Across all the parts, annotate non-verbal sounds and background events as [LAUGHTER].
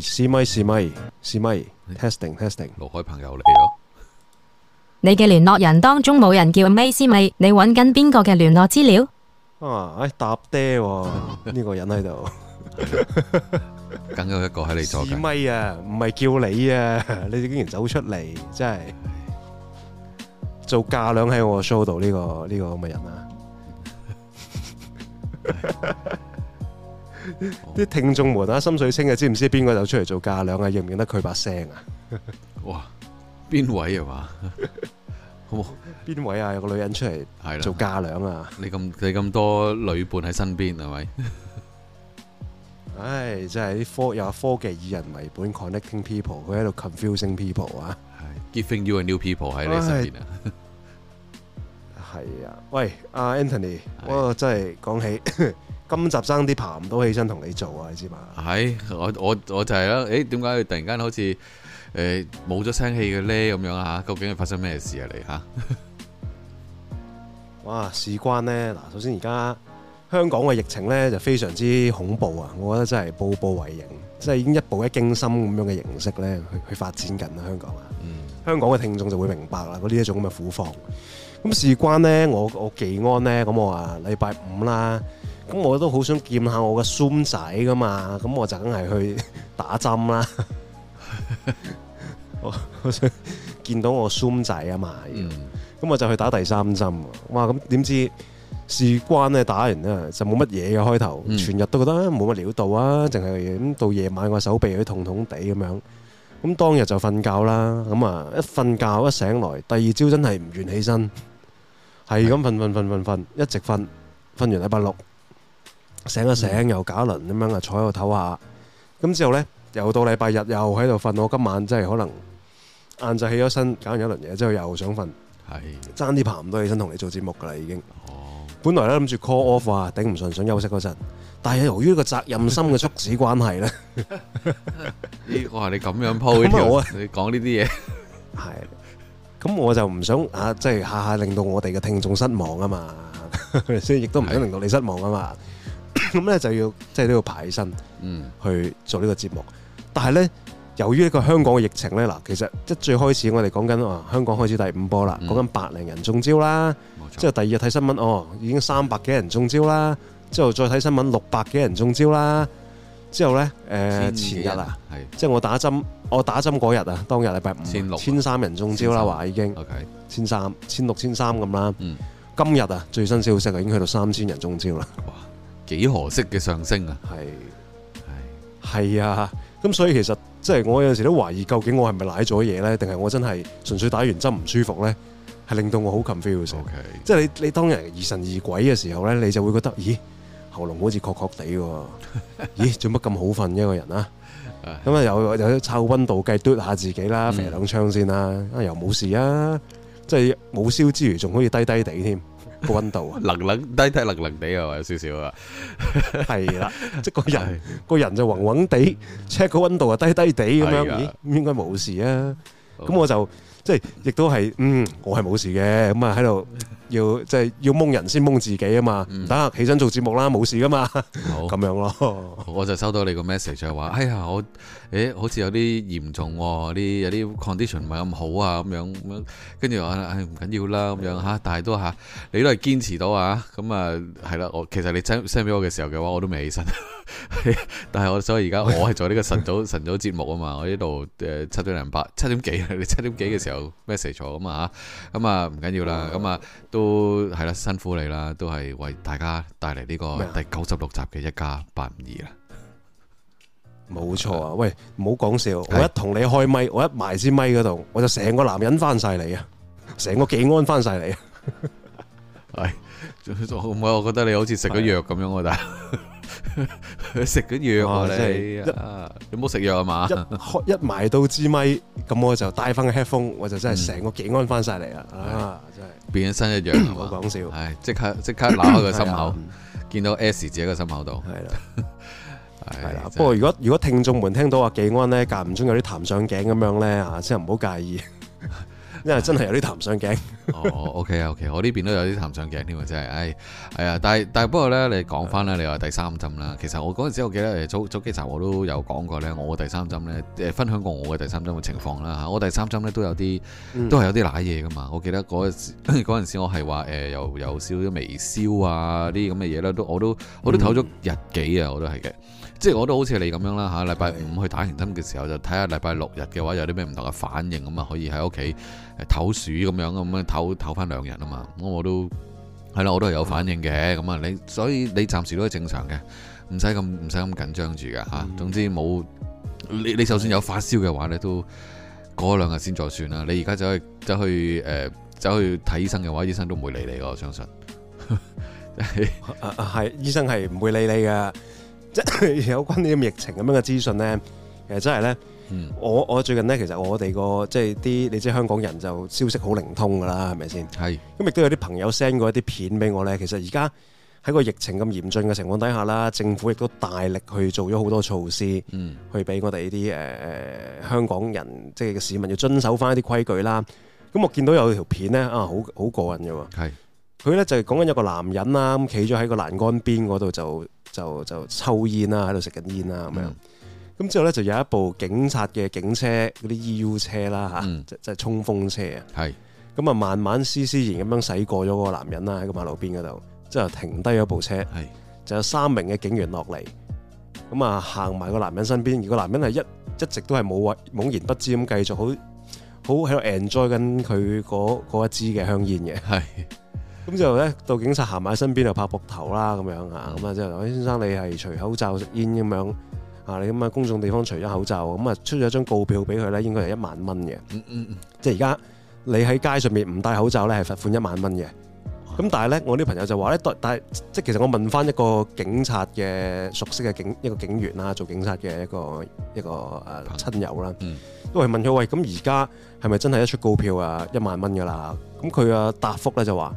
試咪試咪試咪，testing testing，羅海朋友嚟咯。你嘅聯絡人當中冇人叫 May，試咪，你搵緊邊個嘅聯絡資料？啊，誒、哎，搭爹呢、啊、 [LAUGHS] 個人喺度，梗 [LAUGHS] 有一個喺你左邊。咪 [LAUGHS] 啊，唔係叫你啊，你竟然走出嚟，真係做嫁娘喺我 show 度，這、呢個呢、這個咁嘅人啊！ [LAUGHS] [LAUGHS] 啲聽眾們啊，心水清啊，知唔知邊個走出嚟做嫁娘啊？認唔認得佢把聲啊？哇，邊位啊？話，好冇？邊位啊？有個女人出嚟係啦，做嫁娘啊？你咁你咁多女伴喺身邊係咪？唉、哎，真係啲科有科技以人為本 [LAUGHS] ，connecting people，佢喺度 confusing people 啊，giving you a new people 喺、哎、你身邊啊？係 [LAUGHS] 啊，喂，阿、uh, Anthony，的我真係講起。 [LAUGHS] 今集爭啲爬唔到起身，同你做啊？你知嘛？係我我我就係、是、啦。誒、欸，點解佢突然間好似誒冇咗聲氣嘅咧？咁、呃、樣啊？究竟係發生咩事啊？你吓哇？事關呢？嗱，首先而家香港嘅疫情咧就非常之恐怖啊！我覺得真係步步為營，即係已經一步一驚心咁樣嘅形式咧去去發展緊啦。香港啊，香港嘅聽眾就會明白啦。嗰呢一種咁嘅苦況，咁事關呢，我我技安呢。咁，我話禮拜五啦。咁我都好想見下我個孫仔噶嘛，咁我就梗係去打針啦。 [LAUGHS] 我好想見到我孫仔啊嘛，咁、嗯、我就去打第三針。哇！咁點知事關咧打完咧就冇乜嘢嘅開頭，嗯、全日都覺得冇乜料到啊，淨係到夜晚我手臂嗰痛痛地咁樣。咁當日就瞓覺啦，咁啊一瞓覺一醒來，第二朝真係唔願起身，係咁瞓瞓瞓瞓瞓一直瞓，瞓完禮拜六。醒一醒，又搞一輪，咁樣啊！坐喺度唞下，咁之後咧，又到禮拜日，又喺度瞓。我今晚真係可能晏晝起咗身，搞完一輪嘢，之後又想瞓，係爭啲爬唔到起身同你做節目噶啦，已經。哦。本來咧諗住 call off 啊，頂唔順想休息嗰陣，但係由於個責任心嘅促使關係咧，咦！ [LAUGHS] 哇！你咁樣鋪，咁 [LAUGHS] 啊，你講呢啲嘢，係。咁我就唔想啊，即係下下令到我哋嘅聽眾失望啊嘛，所以亦都唔想令到你失望啊嘛。咁 [LAUGHS] 咧就要即係都要爬起身，嗯，去做呢個節目。但係咧，由於呢個香港嘅疫情咧，嗱，其實即最開始我哋講緊啊，香港開始第五波啦，講緊百零人中招啦，錯之後第二日睇新聞哦，已經三百幾人中招啦，之後再睇新聞六百幾人中招啦，之後咧誒，呃、千 前日啊，係，即係我打針，我打針嗰日啊，當日禮拜五，千，啊、千三人中招啦，話三已經，OK，千三千六千三咁啦，嗯、今日啊最新消息已經去到三千人中招啦。幾何式嘅上升啊！係係係啊！咁的所以其實即係、就是、我有陣時都懷疑究竟我係咪瀨咗嘢咧，定係我真係純粹打完針唔舒服咧，係令到我好 confuse 嘅。Okay. 即係你你當日疑神疑鬼嘅時候咧，你就會覺得咦喉嚨好似確確地喎，咦做乜咁好瞓 [LAUGHS] 一個人啊？咁啊 [LAUGHS] 又又湊溫度計嘟下自己啦，肥兩槍先啦，嗯、啊又冇事啊！即係冇燒之餘仲可以低低，低，低地添。個溫度啊，冷冷 [LAUGHS] 低低冷冷地啊，有少少啊，係啦， [LAUGHS] 即係個人個人就暈暈地，check 個溫度啊低低地咁樣，的咦，應該冇事啊，咁的我就即係亦都係，嗯，我係冇事嘅，咁啊喺度。要即係、就是、要蒙人先蒙自己啊嘛，唔得、嗯，起身做節目啦，冇事噶嘛，好咁 [LAUGHS] 樣咯囉。我就收到你個 message 係話，哎呀，我誒、欸、好似有啲嚴重、啊，啲有啲 condition 唔係咁好啊，咁樣咁，跟住話，哎唔緊要啦，咁樣吓，但係都吓，你都係堅持到啊，咁啊係啦、啊。我其實你 send send 俾我嘅時候嘅話，我都未起身， [LAUGHS] 但係我所以而家我係做呢個晨早晨早節目啊嘛，我呢度誒七點零八七點幾你七點幾嘅時候 message 咗咁嘛，咁啊唔緊要啦，咁啊。都係啦，辛苦你啦，都係為大家帶嚟呢個第九十六集嘅一家八五二啦。冇錯麼啊，喂，唔好講笑，的我一同你開咪，我一埋支咪嗰度，我就成個男人翻晒你啊，成個技安翻晒你啊，係 [LAUGHS] 唔係我覺得你好似食咗藥咁樣啊，我覺得的。 [LAUGHS] 食啲藥，啊，你係，有冇食藥啊嘛？一一埋到支咪，咁我就戴翻個 headphone，我就真係成個技安翻晒嚟啦，真係變咗身一樣，冇講笑。唉，即刻即刻拉開個心口，見到 S 字喺個心口度，係啦，係啦。不過如果如果聽眾們聽到阿技安咧，間唔中有啲彈上頸咁樣咧，吓先唔好介意。因為真係有啲談唔上鏡。哦、 [LAUGHS] oh，OK o、okay, k 我呢邊都有啲談唔上鏡添喎，真係，唉、哎，係、哎、啊，但係但係不過咧，你講翻咧，你話第三針啦，其實我嗰陣時我記得早早幾集我都有講過咧，我嘅第三針咧，誒分享過我嘅第三針嘅情況啦嚇，我第三針咧都有啲，都係有啲賴嘢噶嘛，嗯、我記得嗰陣嗰陣時我係話誒又有少少微燒啊啲咁嘅嘢啦，都我都我都唞咗日幾啊，我都係嘅。即係我都好似你咁樣啦嚇，禮拜五去打完針嘅時候就睇下禮拜六日嘅話有啲咩唔同嘅反應咁啊，可以喺屋企誒唞鼠咁樣咁啊唞唞翻兩日啊嘛，我我都係啦，我都係有反應嘅咁啊，你所以你暫時都係正常嘅，唔使咁唔使咁緊張住噶嚇。總之冇你你，你就算有發燒嘅話你都過兩日先再算啦。你而家走去走去誒走去睇醫生嘅話，醫生都唔會理你，我相信係 [LAUGHS] 啊係、啊，醫生係唔會理你噶。即係 [LAUGHS] 有關呢咁疫情咁樣嘅資訊其實誒真係呢。呢嗯、我我最近呢，其實我哋個即係啲，你知香港人就消息好靈通噶啦，係咪先？係。咁亦都有啲朋友 send 過一啲片俾我呢。其實而家喺個疫情咁嚴峻嘅情況底下啦，政府亦都大力去做咗好多措施去，去俾我哋呢啲誒香港人，即係市民要遵守翻一啲規矩啦。咁我見到有條片、啊、是 呢，啊好好過癮嘅喎。佢呢就係講緊有個男人啦，企咗喺個欄杆邊嗰度就。就就抽煙啦，喺度食緊煙啦咁、嗯、樣。咁之後咧，就有一部警察嘅警車，嗰啲 E.U. 車啦嚇，嗯、即即係衝鋒車啊。係。咁啊，慢慢絲絲然咁樣駛過咗嗰個男人啦，喺個馬路邊嗰度，之後停低咗部車。係。就有三名嘅警員落嚟，咁啊行埋個男人身邊。而個男人係一一直都係冇話懵然不知咁繼續，好好喺度 enjoy 緊佢嗰一支嘅香煙嘅。係。咁之後咧，到警察行埋喺身邊就拍膊頭啦，咁樣啊，咁啊即係，先生你係除口罩煙咁樣，啊你咁啊公眾地方除咗口罩，咁啊出咗張告票俾佢咧，應該係一萬蚊嘅。即係而家你喺街上面唔戴口罩咧，係罰款一萬蚊嘅。咁但係咧，我啲朋友就話咧，但係即係其實我問翻一個警察嘅熟悉嘅警一個警員啦，做警察嘅一個一個誒親友啦，都係問佢，喂，咁而家係咪真係一出告票啊一萬蚊㗎啦？咁佢啊，答覆咧就話。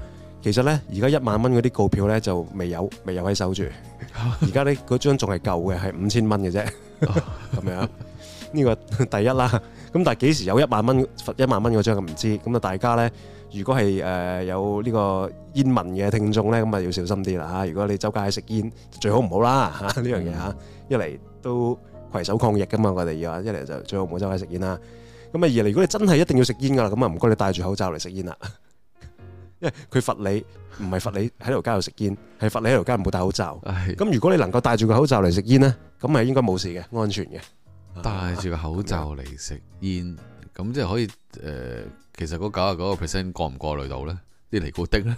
其實咧，而家一萬蚊嗰啲告票咧就未有，未有喺手住。而家咧嗰張仲係舊嘅，係五千蚊嘅啫，咁樣。呢個第一啦。咁但係幾時有一萬蚊，罰一萬蚊嗰張，唔知。咁啊，大家咧，如果係誒有呢個煙民嘅聽眾咧，咁啊要小心啲啦吓。如果你周街喺食煙，最好唔好啦吓呢樣嘢吓。一嚟都携手抗疫噶嘛，我哋而家一嚟就最好唔好周街食煙啦。咁啊，二嚟如果你真係一定要食煙噶啦，咁啊唔該你戴住口罩嚟食煙啦。因為佢罰你唔係罰你喺條街度食煙，係罰你喺條街冇戴口罩。咁如果你能夠戴住個口罩嚟食煙咧，咁咪應該冇事嘅，安全嘅。戴住個口罩嚟食煙，咁即係可以誒，其實嗰九啊九十九個 percent 過唔過濾到咧？啲尼古丁咧？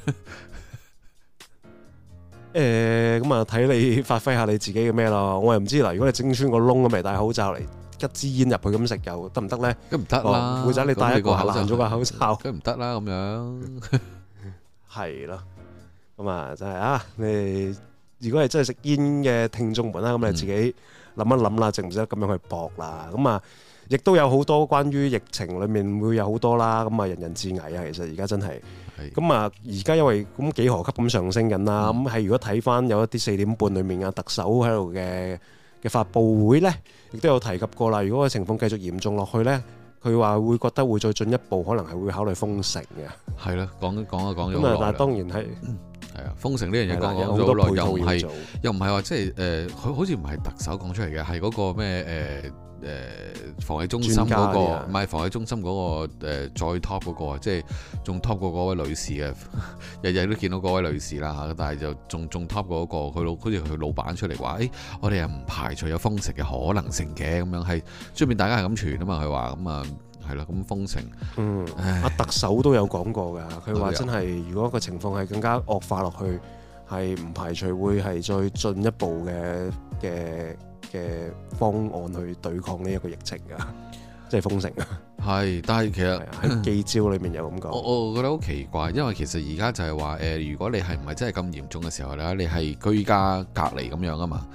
誒，咁啊睇你發揮下你自己嘅咩囉。我又唔知啦。如果你整穿個窿咁咪戴口罩嚟一支煙入去咁食又得唔得咧？咁唔得啦，否則你戴一個爛咗個口罩，咁唔得啦咁樣。係咯，咁啊真係啊！你如果係真係食煙嘅聽眾們啦，咁、嗯、你自己諗一諗啦，值唔值得咁樣去搏啦？咁啊，亦都有好多關於疫情裏面會有好多啦，咁啊人人自危啊！其實而家真係，咁啊而家因為咁幾何級咁上升緊啦，咁係、嗯、如果睇翻有一啲四點半裏面啊特首喺度嘅嘅發佈會呢，亦都有提及過啦。如果個情況繼續嚴重落去呢，佢話會覺得會再進一步，可能係會考慮封城嘅。係咯，講講一講咁但係當然係。封城呢樣嘢講咗咁耐，又唔係，又唔係話即係誒，佢好似唔係特首講出嚟嘅，係嗰個咩誒誒，防疫中心嗰個，唔係防疫中心嗰個誒、呃、再 top 嗰個啊，即係仲 top 過嗰位女士嘅，日 [LAUGHS] 日都見到嗰位女士啦吓，但係就仲仲 top 過嗰個，佢老好似佢老闆出嚟話，誒、欸，我哋又唔排除有封城嘅可能性嘅，咁樣係，出面大家係咁傳啊嘛，佢話咁啊。係啦，咁封城。嗯，阿唉特首都有講過㗎，佢話真係有，如果個情況係更加惡化落去，係唔排除會係再進一步嘅嘅嘅方案去對抗呢一個疫情㗎，即係 [LAUGHS] 封城啊。係，但係其實喺記招裏面有咁講。 [LAUGHS] 我我覺得好奇怪，因為其實而家就係話誒，如果你係唔係真係咁嚴重嘅時候咧，你係居家隔離咁樣啊嘛。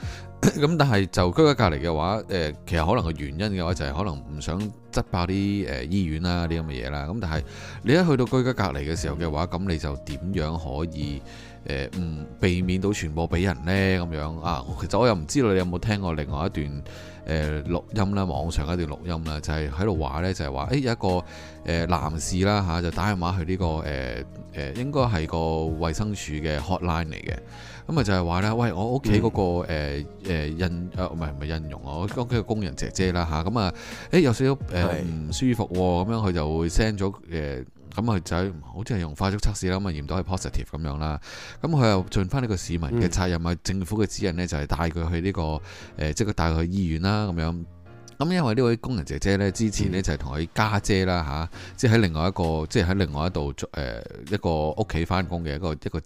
咁 [LAUGHS] 但係就居家隔離嘅話，誒其實可能個原因嘅話就係可能唔想執爆啲誒醫院啦啲咁嘅嘢啦。咁但係你一去到居家隔離嘅時候嘅話，咁你就點樣可以誒唔、呃、避免到傳播俾人呢？咁樣啊，其實我又唔知道你有冇聽過另外一段誒、呃、錄音啦，網上一段錄音啦，就係喺度話呢，就係話誒有一個誒、呃、男士啦嚇、啊，就打電話去呢、這個誒誒、呃、應該係個衛生署嘅 hotline 嚟嘅。咁啊、嗯、就係話咧，喂，我屋企嗰個誒、呃、印啊，唔係唔係印傭、啊、我屋企個工人姐姐啦嚇，咁啊誒、嗯欸、有少少誒唔舒服咁樣，佢就會 send 咗誒，咁啊就好似係用快速測試啦，咁啊驗到係 positive 咁樣啦，咁佢又盡翻呢個市民嘅責任，政府嘅指引呢，就係帶佢去呢個誒，即係帶佢去醫院啦咁樣。咁、嗯、因為呢位工人姐姐咧之前呢就係同佢家姐啦吓、啊，即係喺另外一個，即係喺另外一度做、呃、一個屋企翻工嘅一個一個。一個一個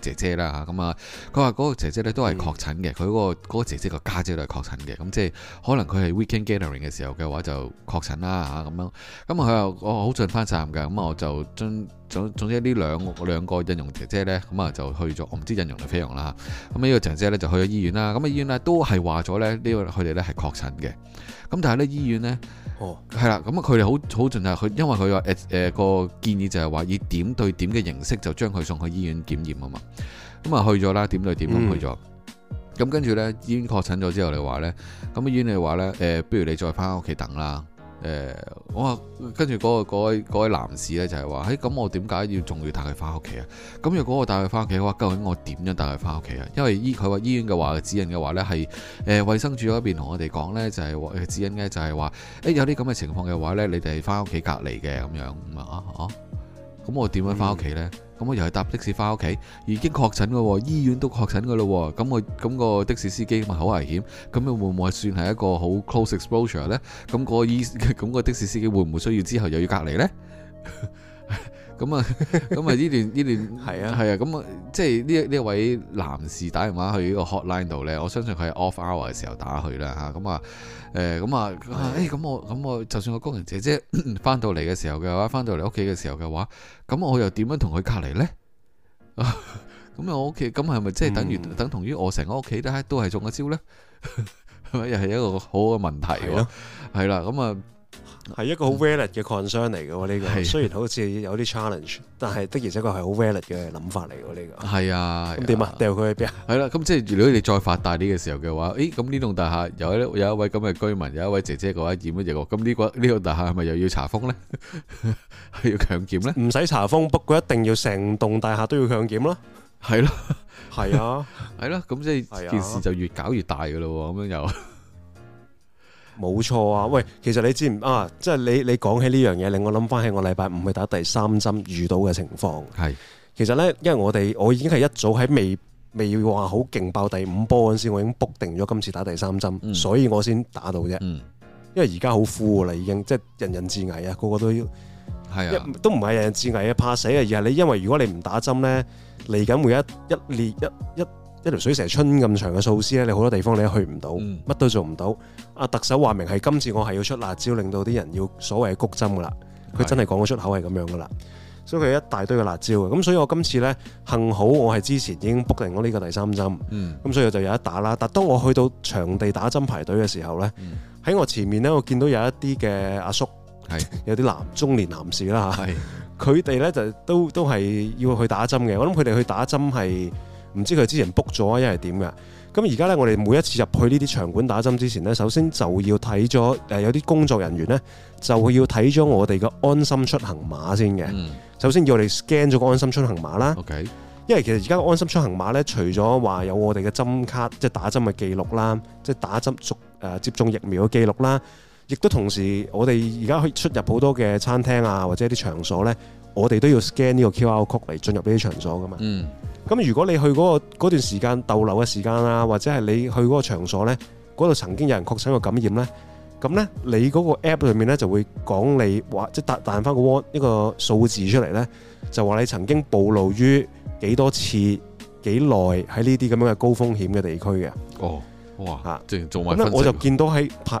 姐姐啦嚇，咁啊，佢話嗰個姐姐咧都係確診嘅，佢嗰、嗯嗰個那個姐姐個家姐，姐都係確診嘅，咁即係可能佢係 weekend gathering 嘅時候嘅話就確診啦嚇，咁、啊、樣，咁佢話我好盡番站嘅，咁、哦、我就將總總之呢兩兩個印傭姐姐咧，咁啊就去咗，我唔知印傭定菲傭啦，咁呢個姐姐咧就去咗醫院啦，咁啊醫院咧都係話咗咧呢個佢哋咧係確診嘅，咁但係呢醫院咧。哦，係啦，咁啊，佢哋好好盡係佢，因為佢話誒誒個建議就係話以點對點嘅形式就將佢送去醫院檢驗啊嘛，咁啊去咗啦，點對點咁去咗，咁、嗯、跟住咧醫院確診咗之後，你話咧咁醫院你話咧誒，不如你再翻屋企等啦。誒，我話、呃、跟住嗰位位男士呢，就係、是、話，誒、哎、咁我點解要仲要帶佢翻屋企啊？咁如果我帶佢翻屋企嘅話，究竟我點樣帶佢翻屋企啊？因為醫，佢話醫院嘅話指引嘅話呢係誒，衞、呃、生署嗰邊同我哋講呢，就係、是、指引呢就係、是、話，誒、哎、有啲咁嘅情況嘅話呢，你哋翻屋企隔離嘅咁樣，咁啊，啊咁我點樣翻屋企呢？咁我又係搭的士翻屋企，已經確診噶，醫院都確診噶咯。咁我咁個的士司機咪，好危險。咁會唔會算係一個好 close exposure 呢？咁、個醫咁、個的士司機會唔會需要之後又要隔離呢？ [LAUGHS] 咁啊，咁啊，呢段呢段係啊，係啊，咁啊，即係呢呢位男士打電話去呢個 hotline 度咧，我相信佢係 off hour 嘅時候打佢啦嚇。咁啊，誒，咁啊，誒，咁我咁我，就算個工人姐姐翻到嚟嘅時候嘅話，翻到嚟屋企嘅時候嘅話，咁我又點樣同佢隔離咧？咁啊，我屋企咁係咪即係等於等同於我成個屋企都係中咗招咧？係咪又係一個好嘅問題咯？係啦，咁啊。係一個好 valid 嘅 concern 嚟嘅喎，呢個雖然好似有啲 challenge，但係的而且確係好 valid 嘅諗法嚟嘅呢個。係啊，咁點啊？掉佢去邊啊？係啦，咁即係如果你再發大啲嘅時候嘅話，誒，咁呢棟大廈有有一位咁嘅居民，有一位姐姐嘅話染咗疫，咁呢個呢個大廈係咪又要查封咧？係要強檢咧？唔使查封，不過一定要成棟大廈都要強檢咯。係咯，係啊，係咯，咁即係件事就越搞越大噶咯，咁樣又。冇錯啊！喂，其實你知唔啊？即係你你講起呢樣嘢，令我諗翻起我禮拜五去打第三針遇到嘅情況。係，其實咧，因為我哋我已經係一早喺未未話好勁爆第五波嗰陣時，我已經 book 定咗今次打第三針，嗯、所以我先打到啫。嗯、因為而家好酷啦，已經即係人人自危啊，個個都要係啊，都唔係人人自危啊，怕死啊，而係你因為如果你唔打針咧，嚟緊會一一裂一一。一一一一一一條水蛇春咁長嘅措施，咧，你好多地方你都去唔到，乜、嗯、都做唔到。阿特首話明係今次我係要出辣椒，令到啲人要所謂係谷針噶啦。佢真係講咗出口係咁樣噶啦，是的 所以佢有一大堆嘅辣椒嘅。咁所以我今次呢，幸好我係之前已經 book 定咗呢個第三針，咁、嗯、所以我就有得打啦。但當我去到場地打針排隊嘅時候呢，喺、嗯、我前面呢，我見到有一啲嘅阿叔是的 [LAUGHS] 有啲男中年男士啦，佢哋呢，就都都係要去打針嘅。我諗佢哋去打針係。唔知佢之前 book 咗因係點嘅，咁而家呢，我哋每一次入去呢啲場館打針之前呢，首先就要睇咗誒有啲工作人員呢，就會要睇咗我哋嘅安心出行碼先嘅。嗯、首先叫我哋 scan 咗個安心出行碼啦。Okay. 因為其實而家嘅安心出行碼呢，除咗話有我哋嘅針卡，即、就、係、是、打針嘅記錄啦，即、就、係、是、打針接、呃、接種疫苗嘅記錄啦，亦都同時我哋而家可以出入好多嘅餐廳啊，或者啲場所呢，我哋都要 scan 呢個 QR code 嚟進入呢啲場所噶嘛。嗯咁如果你去嗰個嗰段時間逗留嘅時間啊，或者係你去嗰個場所呢，嗰度曾經有人確診過感染呢。咁呢，你嗰個 App 上面呢，就會講你話，即係彈彈翻個 one 一個數字出嚟呢，就話你曾經暴露於幾多次、幾耐喺呢啲咁樣嘅高風險嘅地區嘅。哦，哇，即係做埋。咁呢，我就見到喺拍。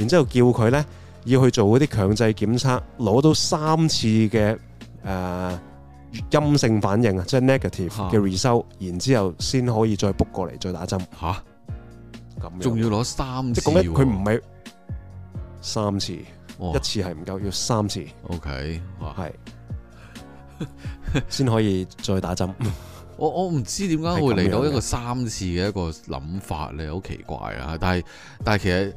然之後叫佢咧要去做嗰啲強制檢測，攞到三次嘅誒陰性反應啊，即係 negative 嘅 result< 哈 >， result, 然之後先可以再 book 過嚟再打針。嚇哈？咁仲樣要攞三次？即係咁佢唔係三次，哦、一次係唔夠，要三次。哦、OK，係先是 [LAUGHS] 可以再打針。我我唔知點解會嚟到一個三次嘅一個諗法你好奇怪啊！但係但係其實，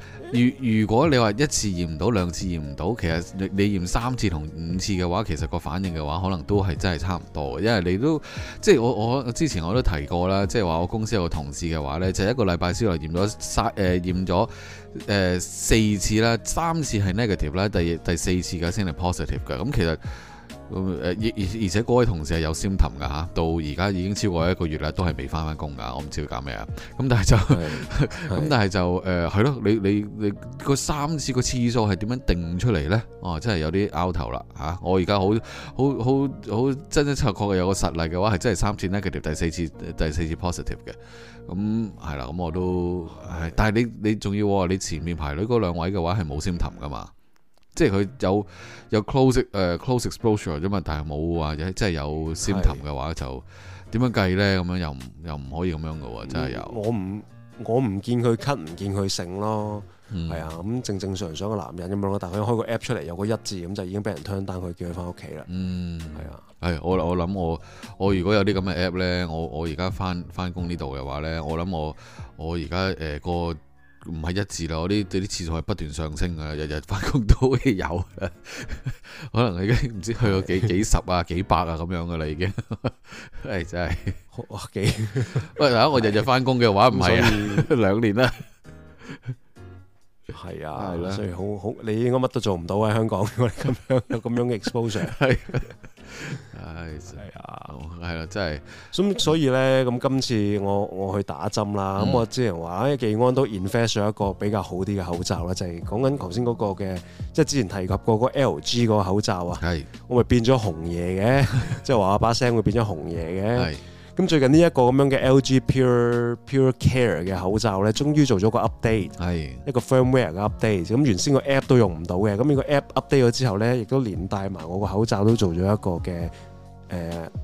如如果你話一次驗唔到，兩次驗唔到，其實你，你驗三次同五次嘅話，其實個反應嘅話，可能都係真係差唔多，因為你都即係我我之前我都提過啦，即係話我公司有個同事嘅話呢，就一個禮拜先嚟驗咗三誒驗咗誒、呃呃、四次啦，三次係 negative 啦，第第四次嘅先係 positive 嘅，咁其實。誒，而而而且嗰位同事係有 symptom 噶嚇，到而家已經超過一個月啦，都係未翻返工噶，我唔知佢搞咩啊。咁但係就，咁 [LAUGHS] 但係就誒，係、呃、咯，你你你，你三次個次數係點樣定出嚟呢？哦，真係有啲拗頭啦嚇、啊！我而家好好好好真真切確係有個實例嘅話，係真係三次呢。佢哋第四次第四次 positive 嘅。咁係啦，咁我都的但係你你仲要話你前面排隊嗰兩位嘅話係冇 symptom 噶嘛？即係佢有有 close 誒、uh, close exposure 啫嘛，但係冇話即係有 symptom 嘅話，是就點樣計咧？咁樣又唔又唔可以咁樣嘅喎，真係有。嗯、我唔我唔見佢咳，唔見佢醒咯，係、嗯、啊咁正正常常嘅男人咁樣咯。但係佢開個 app 出嚟有個一字咁就已經俾人 turn down 佢，叫佢翻屋企啦。嗯，係啊，係、啊、我我諗我我如果有啲咁嘅 app 咧，我我而家翻翻工呢度嘅話咧，我諗我我而家誒個。唔係一致啦，我啲對啲次數係不斷上升嘅，日日翻工都好有可，可能已經唔知去到幾 [LAUGHS] 幾十啊、幾百啊咁樣嘅啦，已經，唉真係哇幾！喂， [LAUGHS] 嗱我日日翻工嘅話唔係啊， [LAUGHS] 兩年啦了，係啊， [LAUGHS] 了所以好好你應該乜都做唔到喺香港，咁樣有咁樣嘅 exposure。係，係啊，係、嗯、咯，真、嗯、係。咁所以咧，咁今次我我去打針啦。咁、嗯、我之前話，誒，技安都 invest 咗一個比較好啲嘅口罩啦，就係講緊頭先嗰個嘅，即係之前提及過嗰個 LG 嗰個口罩啊。係、嗯，我咪變咗紅嘢嘅，即係話把聲會變咗紅嘢嘅。 [LAUGHS] 咁最近呢一個咁樣嘅 LG Pure Pure Care 嘅口罩咧，終於做咗個 update，一個 firmware 嘅 update。咁原先個 app 都用唔到嘅，咁呢個 app update 咗之後咧，亦都連帶埋我個口罩都做咗一個嘅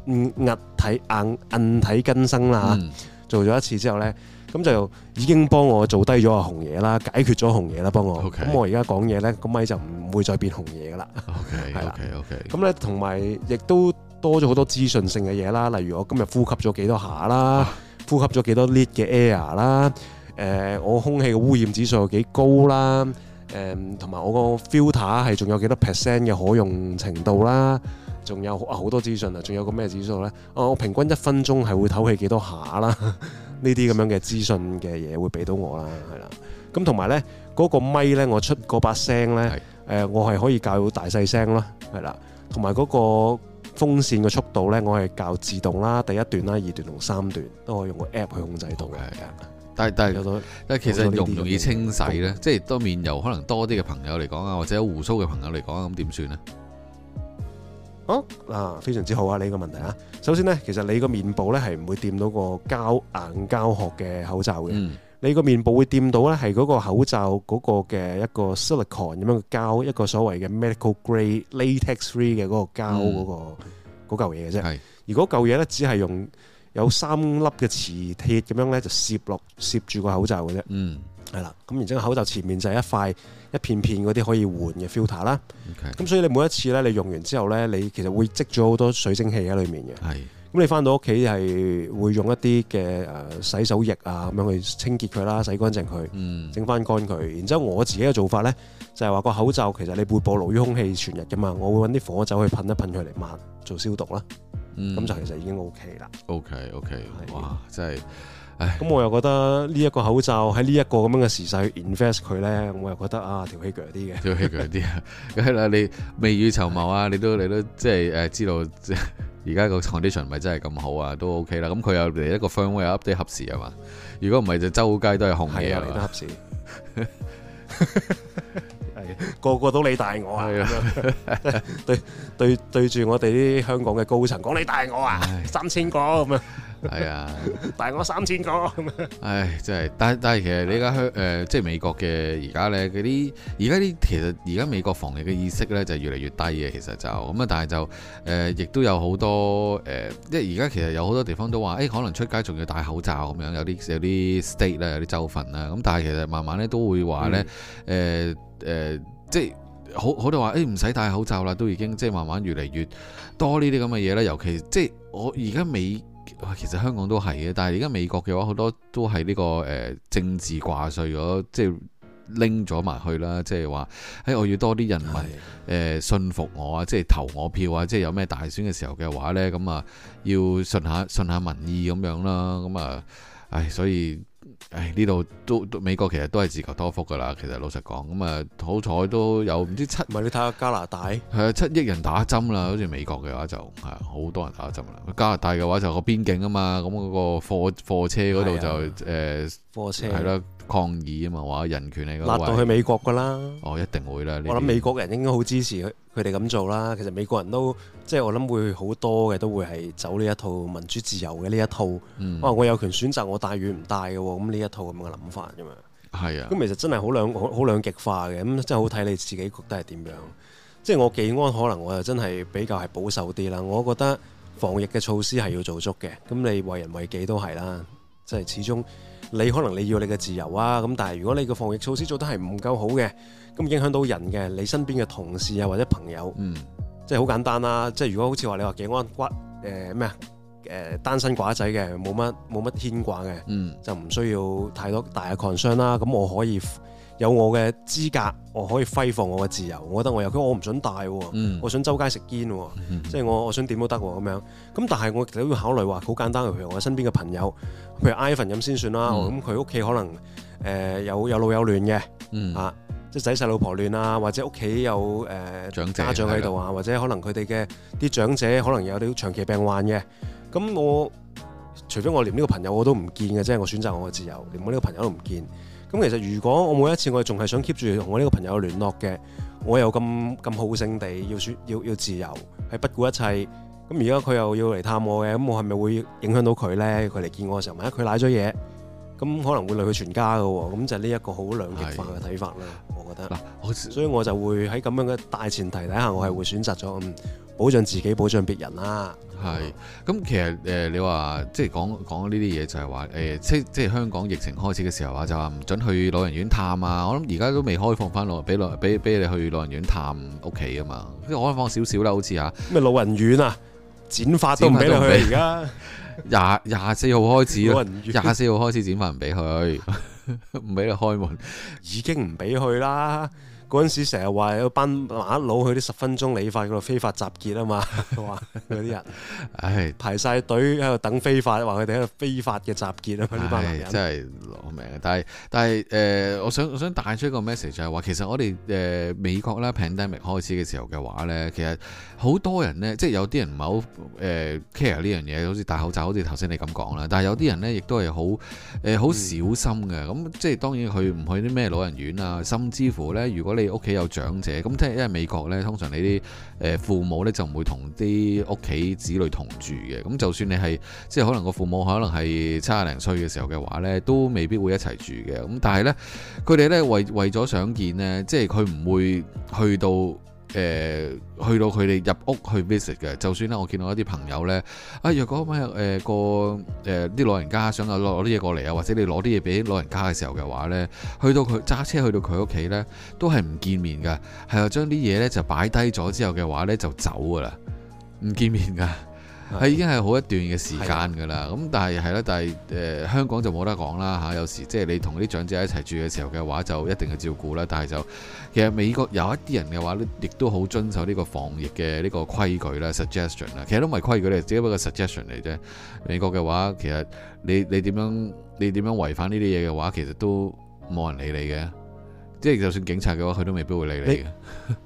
誒壓體硬硬體更新啦。做咗一次之後咧，咁就已經幫我做低咗個紅嘢啦，解決咗紅嘢啦，幫我。咁我而家講嘢咧，咁咪就唔會再變紅嘢噶啦。OK，OK，OK。咁咧，同埋亦都。多咗好多資訊性嘅嘢啦，例如我今日呼吸咗幾多下啦，啊、呼吸咗幾多 l i t 嘅 air 啦，誒、呃、我空氣嘅污染指數有幾高啦，誒同埋我個 filter 係仲有幾多 percent 嘅可用程度啦，仲有好、啊、多資訊啊，仲有個咩指數咧？哦，我平均一分鐘係會唞氣幾多下啦？呢啲咁樣嘅資訊嘅嘢會俾到我啦，係啦。咁同埋咧，嗰個咪咧，我出嗰把聲咧，誒的、呃、我係可以教大細聲咯，係啦，同埋嗰個。風扇嘅速度呢，我係較自動啦，第一段啦、二段同三段都可以用個 App 去控制的是到嘅。但係但係其實容唔容易清洗呢？嗯、即係當面油可能多啲嘅朋友嚟講啊，或者有鬍鬚嘅朋友嚟講啊，咁點算呢？哦，嗱，非常之好啊！你個問題啊，首先呢，其實你個面部呢，係唔會掂到個膠硬膠殼嘅口罩嘅。嗯你個面部會掂到咧，係嗰個口罩嗰個嘅一個 silicone 咁樣嘅膠，一個所謂嘅 medical grade latex free 嘅嗰個膠嗰、嗰個嚿嘢嘅啫。係、嗯，而嗰嚿嘢咧只係用有三粒嘅磁鐵咁樣咧，就攝落攝住個口罩嘅啫。嗯，係啦，咁然之後口罩前面就係一塊一片片嗰啲可以換嘅 filter 啦。咁 Okay. 所以你每一次咧，你用完之後咧，你其實會積咗好多水蒸氣喺裡面嘅。係。咁你翻到屋企係會用一啲嘅誒洗手液啊咁樣去清潔佢啦，洗乾淨佢，整翻乾佢。然之後我自己嘅做法咧，就係話個口罩其實你會暴露於空氣全日㗎嘛，我會揾啲火酒去噴一噴佢嚟抹做消毒啦。咁就其實已經 OK 啦。OK OK，哇，是真係，咁我又覺得呢一個口罩喺呢一個咁樣嘅時勢去 invest 佢咧，我又覺得啊，調氣腳啲嘅，調氣腳啲啊，係啦， [LAUGHS] [LAUGHS] 你未雨綢繆啊，你都你都即係誒知道即。 [LAUGHS] 而家個 condition 咪真係咁好啊，都 OK 啦。咁佢又嚟一個 firmware update 合時啊嘛。如果唔係就周街都係紅嘢嚟都合時，係個個都你大我啊。對對，對住我哋啲香港嘅高層講你大我啊，三千個咁。係啊，哎、 [LAUGHS] 大我三千個咁啊！唉、 [LAUGHS] 哎，真係，但但係其實你而家香誒，即係美國嘅而家咧，嗰啲而家啲其實而家美國防疫嘅意識咧就越嚟越低嘅，其實就咁啊，但係就誒，亦、呃、都有好多誒、呃，即係而家其實有好多地方都話誒、欸，可能出街仲要戴口罩咁樣，有啲有啲 state 啦，有啲州份啦，咁但係其實慢慢咧都會話咧，誒誒、嗯呃，即係好好多話誒唔使戴口罩啦，都已經即係慢慢越嚟越多呢啲咁嘅嘢啦，尤其即係我而家美。其實香港都係嘅，但係而家美國嘅話好多都係呢、這個誒、呃、政治掛帥咗，即係拎咗埋去啦，即係話誒我要多啲人民誒、呃、信服我啊，即係投我票啊，即係有咩大選嘅時候嘅話呢，咁啊要信下信下民意咁樣啦，咁啊，唉、哎、所以。呢度、哎、都、都美國其實都係自求多福噶啦，其實老實講，咁、嗯、啊好彩都有唔知七，唔係你睇下加拿大，係啊、嗯、七億人打針啦，好似美國嘅話就係好、嗯、多人打針啦，加拿大嘅話就個邊境啊嘛，咁嗰個貨貨車嗰度就誒貨、啊呃、車係啦。抗議啊嘛，話人權呢個拉到去美國噶啦，哦，一定會啦。我諗美國人應該好支持佢哋咁做啦。其實美國人都即係、就是、我諗會好多嘅，都會係走呢一套民主自由嘅呢一套。哇、嗯，我有權選擇我戴與唔戴嘅，咁呢一套咁嘅諗法咁樣。係啊，咁其實真係好兩好兩極化嘅，咁即係好睇你自己覺得係點樣。即、就、係、是、我技安，可能我又真係比較係保守啲啦。我覺得防疫嘅措施係要做足嘅，咁你為人為己都係啦，即、就、係、是、始終。你可能你要你嘅自由啊，咁但係如果你個防疫措施做得係唔夠好嘅，咁影響到人嘅，你身邊嘅同事啊或者朋友，嗯，即係好簡單啦，即係如果好似話你話技安哥，誒咩啊，誒、呃、單身寡仔嘅，冇乜冇乜牽掛嘅，嗯，就唔需要太多大嘅 concern 啦，咁我可以。有我嘅資格，我可以揮放我嘅自由。我覺得我有，佢我唔、嗯、想戴喎、嗯，我想周街食煙喎，即係我我想點都得喎咁樣。咁但係我其實都要考慮話，好簡單，譬如我身邊嘅朋友，譬如 Ivan 咁先算啦。咁佢屋企可能誒、呃、有有老有嫩嘅，嗯、啊，即係仔細老婆嫩啊，或者屋企有誒、呃、者家長喺度啊，的或者可能佢哋嘅啲長者可能有啲長期病患嘅。咁我除非我連呢個朋友我都唔見嘅，即係我選擇我嘅自由，連我呢個朋友都唔見。咁其實如果我每一次我仲係想 keep 住同我呢個朋友聯絡嘅，我又咁咁好勝地要選要要自由，係不顧一切。咁而家佢又要嚟探我嘅，咁我係咪會影響到佢咧？佢嚟見我嘅時候，萬一佢瀨咗嘢，咁可能會累佢全家㗎喎。咁就呢一個好兩極化嘅睇法啦。的我覺得，所以我就會喺咁樣嘅大前提底下，我係會選擇咗嗯。保障自己，保障別人啦、啊。係，咁、嗯、其實誒、呃，你話即係講講呢啲嘢，就係話誒，即即係香港疫情開始嘅時候啊，就話唔準去老人院探啊。我諗而家都未開放翻老，俾老俾俾你去老人院探屋企啊嘛。即係開放少少啦，好似嚇咩老人院啊，剪髮都唔俾你， [LAUGHS] 你去。而家廿廿四號開始，廿四號開始剪髮唔俾佢，唔俾你開門，已經唔俾去啦。嗰陣時成日話有一班麻甩佬去啲十分鐘理髮嗰度非法集結啊嘛，話嗰啲人，唉 [LAUGHS] 是排晒隊喺度等非法，話佢哋喺度非法嘅集結啊嘛，呢是班人真係攞命，但係但係誒、呃，我想我想帶出一個 message 就係話，其實我哋誒美國啦 pandemic 開始嘅時候嘅話咧，其實好多人咧，即係有啲人唔係好誒 care 呢樣嘢，好似戴口罩，好似頭先你咁講啦。但係有啲人咧，亦都係好誒好小心嘅。咁即係當然佢唔去啲咩老人院啊，甚至乎咧，如果你屋企有長者咁，即係因為美國呢，通常你啲誒父母呢就唔會同啲屋企子女同住嘅。咁就算你係即係可能個父母可能係七十零歲嘅時候嘅話呢，都未必會一齊住嘅。咁但係呢，佢哋呢為為咗想見呢，即係佢唔會去到。誒、呃、去到佢哋入屋去 visit 嘅，就算啦，我見到一啲朋友呢，啊若果咩誒、呃、個誒啲、呃、老人家想攞啲嘢過嚟啊，或者你攞啲嘢俾老人家嘅時候嘅話呢，去到佢揸車去到佢屋企呢，都係唔見面噶，係啊，將啲嘢呢就擺低咗之後嘅話呢，就走噶啦，唔見面噶。係已經係好一段嘅時間㗎啦，咁但係係啦，但係誒、呃、香港就冇得講啦嚇。有時即係你同啲長者一齊住嘅時候嘅話，就一定係照顧啦。但係就其實美國有一啲人嘅話咧，亦都好遵守呢個防疫嘅呢個規矩啦，suggestion 啦，其實都唔係規矩咧，只不過 suggestion 嚟啫。美國嘅話其實你你點樣你點樣違反呢啲嘢嘅話，其實都冇人理你嘅，即係就算警察嘅話，佢都未必會理你嘅。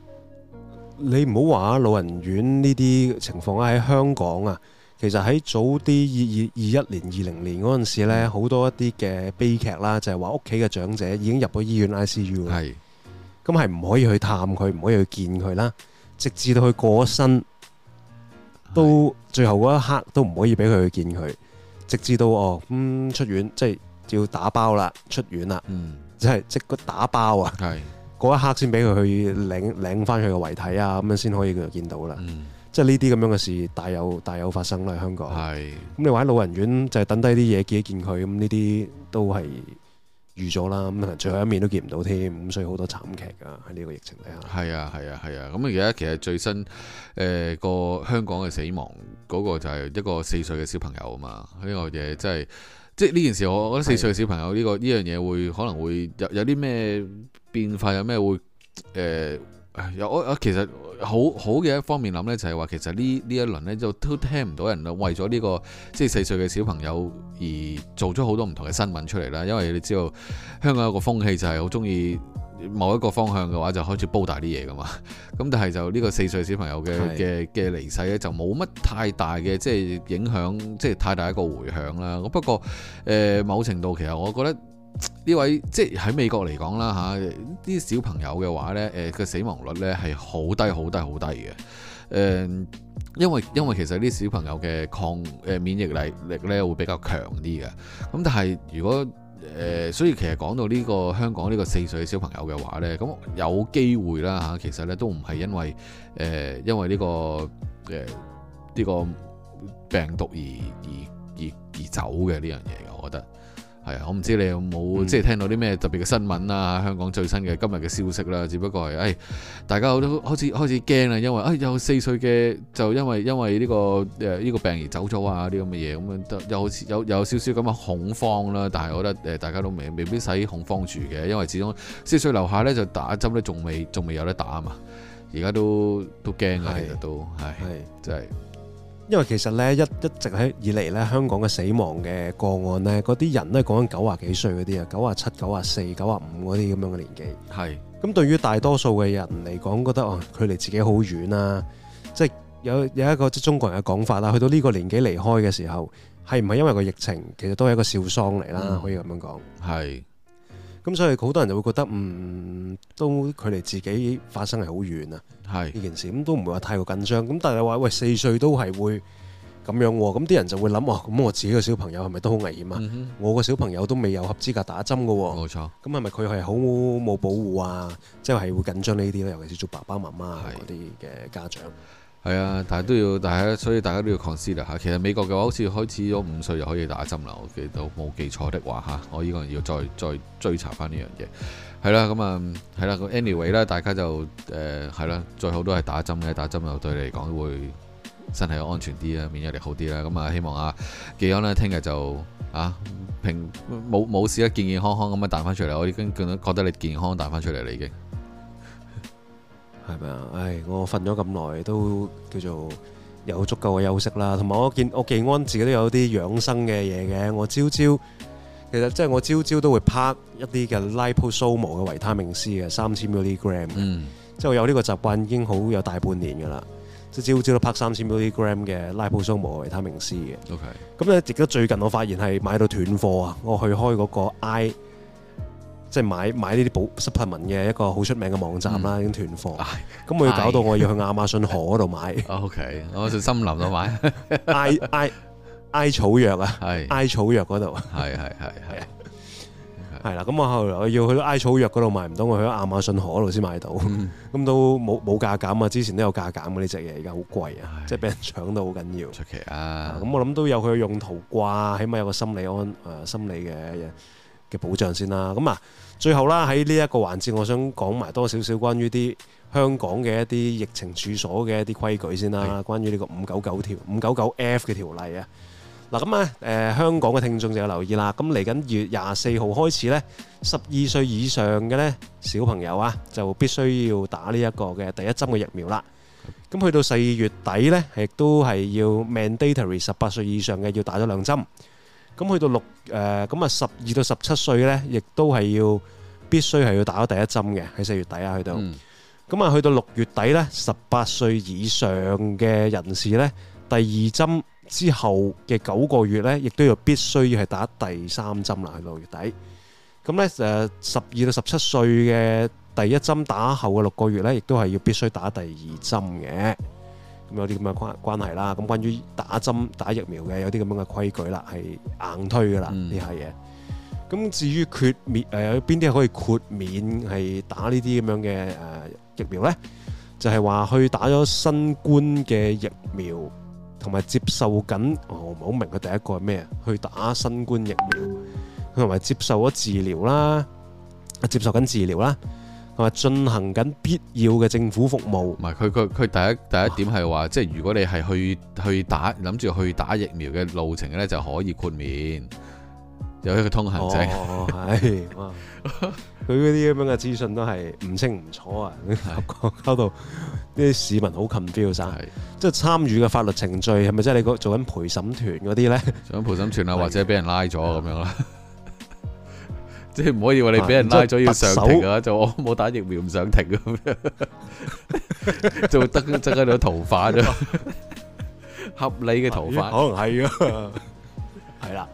你唔好話老人院呢啲情況啊，喺香港啊，其實喺早啲二二二一年、二零年嗰陣時咧，好多一啲嘅悲劇啦，就係話屋企嘅長者已經入咗醫院 ICU 啦是，咁係唔可以去探佢，唔可以去見佢啦，直至到佢過咗身，都最後嗰一刻都唔可以俾佢去見佢，直至到哦咁、嗯、出院，即係要打包啦，出院啦，嗯、是即係即個打包啊。嗰一刻先俾佢去領領翻佢嘅遺體啊，咁樣先可以佢就見到啦。嗯、即係呢啲咁樣嘅事，大有大有發生啦，香港。係咁是的、嗯、你話喺老人院就係、是、等低啲嘢見一見佢，咁呢啲都係預咗啦。咁、嗯、最後一面都見唔到添，咁所以好多慘劇啊，喺呢個疫情底下，係啊，係啊，係啊。咁而家其實最新誒個、呃、香港嘅死亡嗰個就係一個四歲嘅小朋友啊嘛。呢、這個嘢真係，即係呢件事，我覺得四歲嘅小朋友呢、這個呢樣嘢會可能會有有啲咩？變化有咩會？誒、呃、有我其實好好嘅一方面諗呢，就係、是、話其實呢呢一輪呢，就都聽唔到人啦、這個，為咗呢個即係四歲嘅小朋友而做咗好多唔同嘅新聞出嚟啦。因為你知道香港有個風氣就係好鍾意某一個方向嘅話，就開始煲大啲嘢㗎嘛。咁但係就呢個四歲小朋友嘅嘅嘅離世呢，就冇乜太大嘅即係影響，即係太大一個迴響啦。咁不過誒、呃，某程度其實我覺得。呢位即係喺美國嚟講啦吓，啲小朋友嘅話呢，誒、呃、個死亡率呢係好低、好低、好低嘅。誒、呃，因為因為其實啲小朋友嘅抗誒、呃、免疫力力呢會比較強啲嘅。咁但係如果誒、呃，所以其實講到呢個香港呢個四歲小朋友嘅話呢，咁有機會啦吓，其實呢都唔係因為誒、呃、因為呢個誒呢個病毒而而而而走嘅呢樣嘢嘅，我覺得。係啊，我唔知你有冇即係聽到啲咩特別嘅新聞啊？香港最新嘅今日嘅消息啦，只不過係誒、哎，大家好都開始開始驚啊，因為啊、哎，有四歲嘅就因為因為呢個誒呢個病而走咗啊啲咁嘅嘢，咁樣又好似有有少少咁嘅恐慌啦。但係我覺得誒，大家都未未必使恐慌住嘅，因為始終四歲樓下咧就打針咧，仲未仲未有得打啊嘛。而家都都驚啊，是的 其實都係即係。是的 的因為其實咧一一直喺以嚟咧香港嘅死亡嘅個案咧，嗰啲人都係講緊九啊幾歲嗰啲啊，九啊七、九啊四、九啊五嗰啲咁樣嘅年紀。係是。咁對於大多數嘅人嚟講，覺得哦佢離自己好遠啊！即係有有一個即中國人嘅講法啦，去到呢個年紀離開嘅時候，係唔係因為個疫情？其實都係一個笑喪嚟啦，嗯、可以咁樣講。係。咁所以好多人就會覺得唔、嗯、都距離自己發生係好遠啊，係呢是件事咁都唔會話太過緊張。咁但係話喂四歲都係會咁樣喎，咁啲人就會諗啊，咁、哦、我自己嘅小朋友係咪都好危險啊？嗯、哼我個小朋友都未有合資格打針嘅喎，冇錯。咁係咪佢係好冇保護啊？即係係會緊張呢啲咯，尤其是做爸爸媽媽嗰啲嘅家長。係啊，但係都要，但係所以大家都要 consider 吓。其實美國嘅話，好似開始咗五歲就可以打針啦。我記到冇記錯的話吓，我依個人要再再追查翻呢樣嘢。係啦，咁啊，係啦，咁、啊、anyway 啦，大家就誒係啦，最好都係打針嘅，打針又對你嚟講會身體安全啲啊，免疫力好啲啦。咁啊，希望啊，記央呢，聽日就啊平冇冇事啊，健健康康咁樣彈翻出嚟。我已經覺得你健康彈翻出嚟啦已經。係咪啊？唉，我瞓咗咁耐都叫做有足夠嘅休息啦。同埋我見我技安，自己都有啲養生嘅嘢嘅。我朝朝其實即係我朝朝都會拍一啲嘅 Liposomal 嘅維他命 C 嘅三千 milligram。嗯，即係我有呢個習慣已經好有大半年㗎啦。即係朝朝都拍三千 milligram 嘅 Liposomal 維他命 C 嘅。OK、嗯。咁咧，直到最近我發現係買到斷貨啊！我去開嗰個 I。即係買買呢啲補 Supplement 嘅一個好出名嘅網站啦，已經囤貨。咁我要搞到我要去亞馬遜河嗰度買。O K，我去森林度買。I I I 草藥啊，係 I 草藥嗰度。係係係係。係啦，咁我後來我要去到 I 草藥嗰度買唔到，我去亞馬遜河嗰度先買到。咁都冇冇價減啊！之前都有價減嘅呢隻嘢，而家好貴啊，即係俾人搶到好緊要。出奇啊！咁我諗都有佢嘅用途啩，起碼有個心理安誒心理嘅嘅保障先啦。咁啊～最後啦，喺呢一個環節，我想講埋多少少關於啲香港嘅一啲疫情處所嘅一啲規矩先啦。關於呢個五九九條、五九九 F 嘅條例啊。嗱咁啊，誒香港嘅聽眾就要留意啦。咁嚟緊二月廿四號開始呢，十二歲以上嘅呢小朋友啊，就必須要打呢一個嘅第一針嘅疫苗啦。咁去到四月底呢，亦都係要 mandatory 十八歲以上嘅要打咗兩針。咁去到六誒，咁、呃、啊十二到十七歲咧，亦都係要必須係要打第一針嘅，喺四月底啊，去到、嗯。咁啊，去到六月底咧，十八歲以上嘅人士咧，第二針之後嘅九個月咧，亦都要必須要係打第三針啦，去到六月底。咁咧誒，十二到十七歲嘅第一針打後嘅六個月咧，亦都係要必須打第二針嘅。有啲咁嘅關係關係啦，咁關於打針打疫苗嘅有啲咁樣嘅規矩啦，係硬推噶啦呢下嘢。咁、嗯、至於豁免，誒、呃，有邊啲可以豁免係打呢啲咁樣嘅誒、呃、疫苗咧？就係、是、話去打咗新冠嘅疫苗，同埋接受緊、哦，我唔好明佢第一個係咩？去打新冠疫苗，佢同埋接受咗治療啦，啊，接受緊治療啦。同埋進行緊必要嘅政府服務，唔係佢佢佢第一第一點係話，即係如果你係去去打諗住去打疫苗嘅路程咧，就可以豁免，有一個通行證。係、哦，佢嗰啲咁樣嘅資訊都係唔清唔楚啊，搞是 [LAUGHS] 到啲市民好 confused，即係是參與嘅法律程序係咪即係你做緊陪審團嗰啲咧？做緊陪審團啊，的或者俾人拉咗咁樣啦。的 [LAUGHS] 即係唔可以話你俾人拉咗要上庭啊！就我冇打疫苗唔想停咁樣， [LAUGHS] [LAUGHS] [LAUGHS] 就得增加咗逃犯咋，合理嘅逃犯可能係啊，係啦。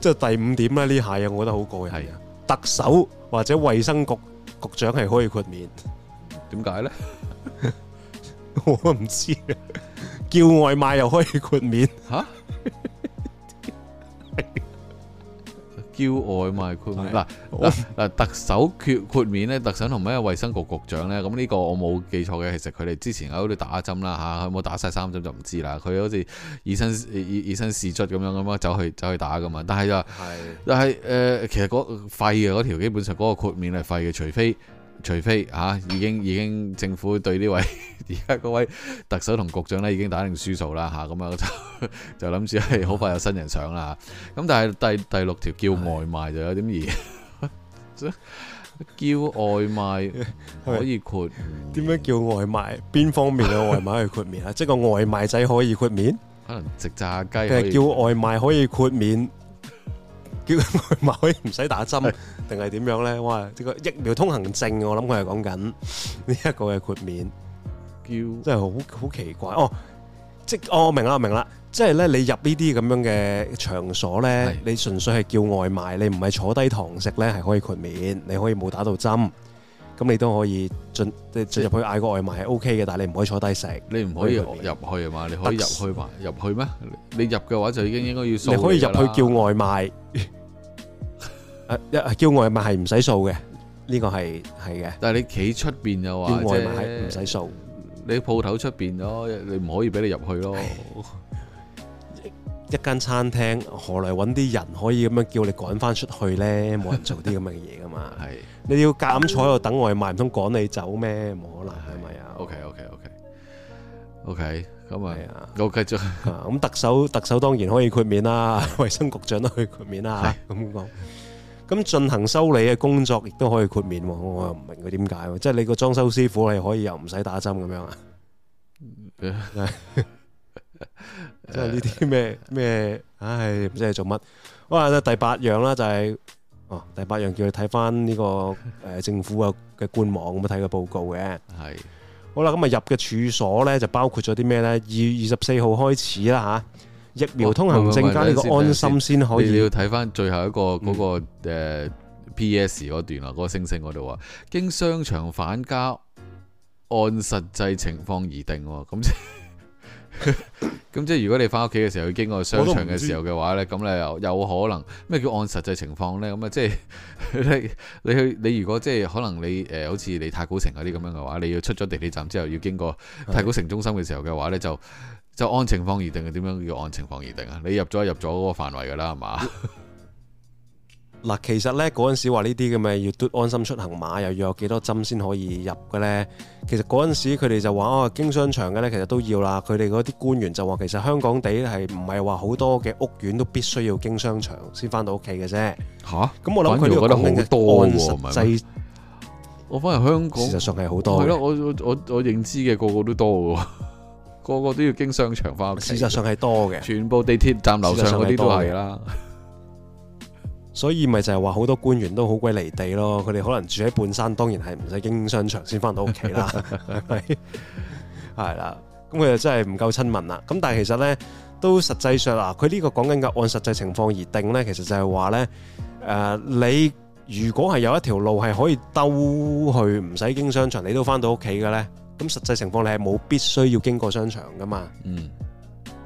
即係第五點咧，呢下嘢我覺得好過嘅係啊，的特首或者衛生局局長係可以豁免，點解咧？我唔知啊，叫外賣又可以豁免吓？啊叫外賣 [LAUGHS] 豁免，嗱嗱特首豁豁免咧，特首同咩啊？衛生局局長咧，咁、這、呢個我冇記錯嘅，其實佢哋之前喺嗰度打針啦嚇，佢冇打晒三針就唔知啦。佢好似以身以身試卒咁樣咁咯，走去走去打噶嘛。但係就 [LAUGHS] 但係誒、呃，其實嗰肺嘅嗰條基本上嗰個豁免係廢嘅，除非。除非嚇，啊、已經已經政府對呢位而家位特首同局長咧已經打定輸數啦嚇，咁啊就就諗住係好快有新人上啦咁，啊、但係第第六條叫外賣就有點異，的叫外賣可以豁，點樣叫外賣？邊方面嘅外賣可以豁免啊？ [LAUGHS] 即個外賣仔可以豁免？可能食炸雞。叫外賣可以豁免。叫外賣可以唔使打針，定係點樣咧？哇！呢個疫苗通行證，我諗佢係講緊呢一個嘅豁免，叫即係好好奇怪哦。即哦明啦，明啦，即係咧你入呢啲咁樣嘅場所咧，你純粹係叫外賣，你唔係坐低堂食咧，係可以豁免，你可以冇打到針，咁你都可以進即係進入去嗌個外賣係 OK 嘅，但係你唔可以坐低食，你唔可以入入去啊嘛？你可以入去嘛？入去咩？你入嘅話就已經應該要你可以入去叫外賣。一叫外賣係唔使掃嘅，呢個係係嘅。但係你企出邊嘅話叫外賣係唔使掃，你鋪頭出邊咯，你唔可以俾你入去咯。一間餐廳何來揾啲人可以咁樣叫你趕翻出去咧？冇人做啲咁嘅嘢噶嘛。係你要夾硬坐喺度等外賣，唔通趕你走咩？冇可能係咪啊？OK OK OK OK 咁啊，我繼續。咁特首特首當然可以豁免啦，衛生局長都可以豁免啦。咁講。咁進行修理嘅工作亦都可以豁免，我又唔明佢點解，即係你個裝修師傅係可以又唔使打針咁樣啊？即係呢啲咩咩？唉，唔知係做乜。哇！第八樣啦，就係，就係哦，第八樣叫佢睇返呢個誒政府嘅嘅官網咁啊，睇個報告嘅。係。 [LAUGHS] 好啦，咁啊入嘅處所咧就包括咗啲咩咧？二月二十四號開始啦嚇。疫苗通行證、啊、加呢個安心先可以。你要睇翻最後一個嗰、那個、嗯呃、PS 嗰段啊，嗰、那個星星嗰度啊。經商場返家按實際情況而定、哦。咁咁即係如果你翻屋企嘅時候要經過商場嘅時候嘅話呢，咁你又有可能咩叫按實際情況呢？咁啊、就是，即係你去你，你如果即、就、係、是、可能你誒、呃、好似你太古城嗰啲咁樣嘅話，你要出咗地鐵站之後要經過太古城中心嘅時候嘅話呢，的就。就按情況而定嘅，點樣叫按情況而定啊？你入咗入咗嗰個範圍㗎啦，係嘛？嗱， [LAUGHS] 其實咧嗰陣時話呢啲嘅咪要都安心出行碼，又要有幾多針先可以入嘅咧？其實嗰陣時佢哋就話哦，經商場嘅咧，其實都要啦。佢哋嗰啲官員就話，其實香港地係唔係話好多嘅屋苑都必須要經商場先翻到屋企嘅啫。嚇哈！咁我諗佢哋個覺得好多按實我翻嚟香港事實上係好多。我我我我認知嘅個個都多喎。個個都要經商場翻屋企，事實上係多嘅，全部地鐵站樓上嗰啲都係啦。所以咪就係話好多官員都好鬼離地咯，佢哋可能住喺半山，當然係唔使經商場先翻到屋企啦，係咪？ [LAUGHS] [LAUGHS] 係啦，咁佢就真係唔夠親民啦。咁但係其實呢，都實際上啊，佢呢個講緊嘅按實際情況而定呢，其實就係話呢，誒、呃，你如果係有一條路係可以兜去，唔使經商場，你都翻到屋企嘅呢。咁實際情況，你係冇必須要經過商場㗎嘛？嗯，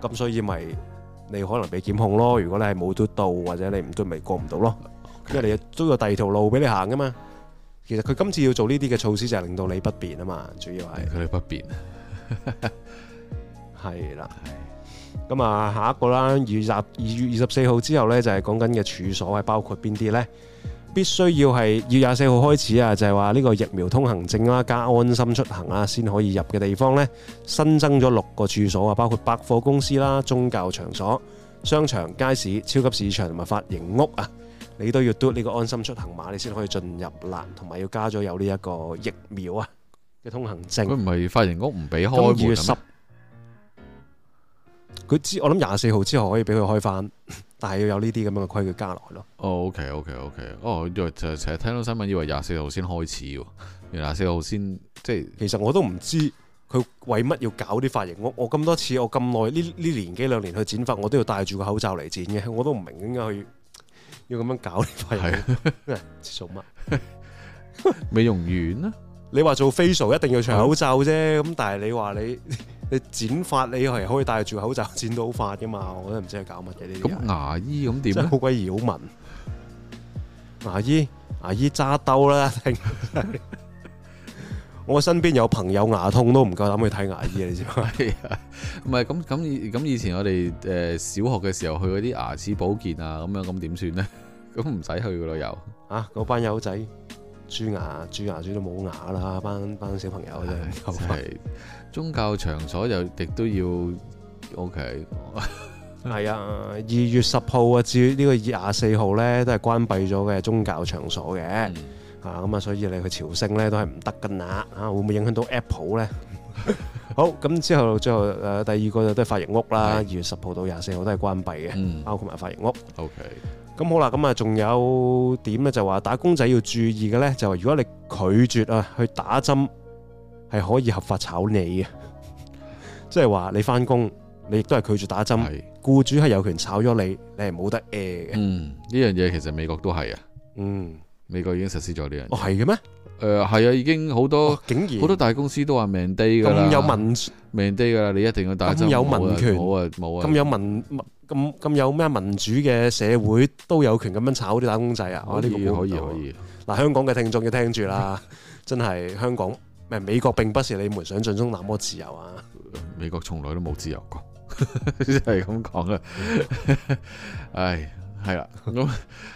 咁所以咪你可能被檢控咯。如果你係冇都到，或者你唔嘟咪過唔到咯，Okay. 因為你都有第二條路俾你行㗎嘛。其實佢今次要做呢啲嘅措施，就係令到你不便啊嘛，主要係。佢哋不便啊，係啦。咁啊，下一個啦，二月二月二十四號之後咧，就係、是、講緊嘅處所係包括邊啲咧？必須要係二月廿四號開始啊，就係話呢個疫苗通行證啦，加安心出行啦，先可以入嘅地方呢，新增咗六個住所啊，包括百貨公司啦、宗教場所、商場、街市、超級市場同埋髮型屋啊，你都要嘟呢個安心出行碼，你先可以進入啦，同埋要加咗有呢一個疫苗啊嘅通行證。佢唔係髮型屋唔俾開門。佢知我諗廿四號之後可以俾佢開翻，但係要有呢啲咁樣嘅規矩加落去咯。哦，OK，OK，OK。哦，就就成日聽到新聞，以為廿四號先開始，原來廿四號先即係。就是，其實我都唔知佢為乜要搞啲髮型。我我咁多次，我咁耐呢呢年幾兩年去剪髮，我都要戴住個口罩嚟剪嘅，我都唔明點解去要咁樣搞啲髮型， [LAUGHS] [LAUGHS] 做乜？ [LAUGHS] 美容院啦。你話做 facial 一定要除口罩啫，咁、哦、但係你話你你剪髮你係可以戴住口罩剪到髮嘅嘛？我都唔知佢搞乜嘢呢，咁牙醫咁點咧？真係好鬼擾民。牙醫牙醫揸兜啦！ [LAUGHS] [LAUGHS] 我身邊有朋友牙痛都唔夠膽去睇牙醫、啊，你知唔知 [LAUGHS] 啊？唔係咁咁咁以前我哋誒小學嘅時候去嗰啲牙齒保健啊咁樣，咁點算呢？咁唔使去嘅咯又。啊！嗰 [LAUGHS] 班友仔。蛀牙、蛀牙、蛀都冇牙啦！班班小朋友真係 [LAUGHS] 宗教場所又亦都要 OK。 [LAUGHS] 係啊，二月十號啊至呢個廿四號咧，都係關閉咗嘅宗教場所嘅。啊、嗯，咁啊，所以你去朝聖咧都係唔得噶啦。啊，會唔會影響到 Apple 咧？ [LAUGHS] 好，咁之後最後誒、呃，第二個就、嗯、都係髮型屋啦。二月十號到廿四號都係關閉嘅，包括埋髮型屋。OK。咁好啦，咁啊，仲有點咧？就話打工仔要注意嘅咧，就係如果你拒絕啊去打針，係可以合法炒你嘅。即係話你返工，你亦都係拒絕打針，僱主係有權炒咗你，你係冇得 a、呃、嘅。嗯，呢樣嘢其實美國都係啊。嗯，美國已經實施咗呢樣嘢。哦，係嘅咩？誒、呃，係啊，已經好多、哦、竟然好多大公司都話 mandatory n 咁有民 mandatory 噶啦，你一定要打針，有民權冇啊冇啊，咁有民。咁咁有咩民主嘅社會都有權咁樣炒啲打工仔啊！我呢個可以、啊這個、可以嗱，香港嘅聽眾要聽住啦， [LAUGHS] 真係香港唔係美國並不是你們想像中那麼自由啊！美國從來都冇自由過，係咁講啊， [LAUGHS] 唉。係啦，咁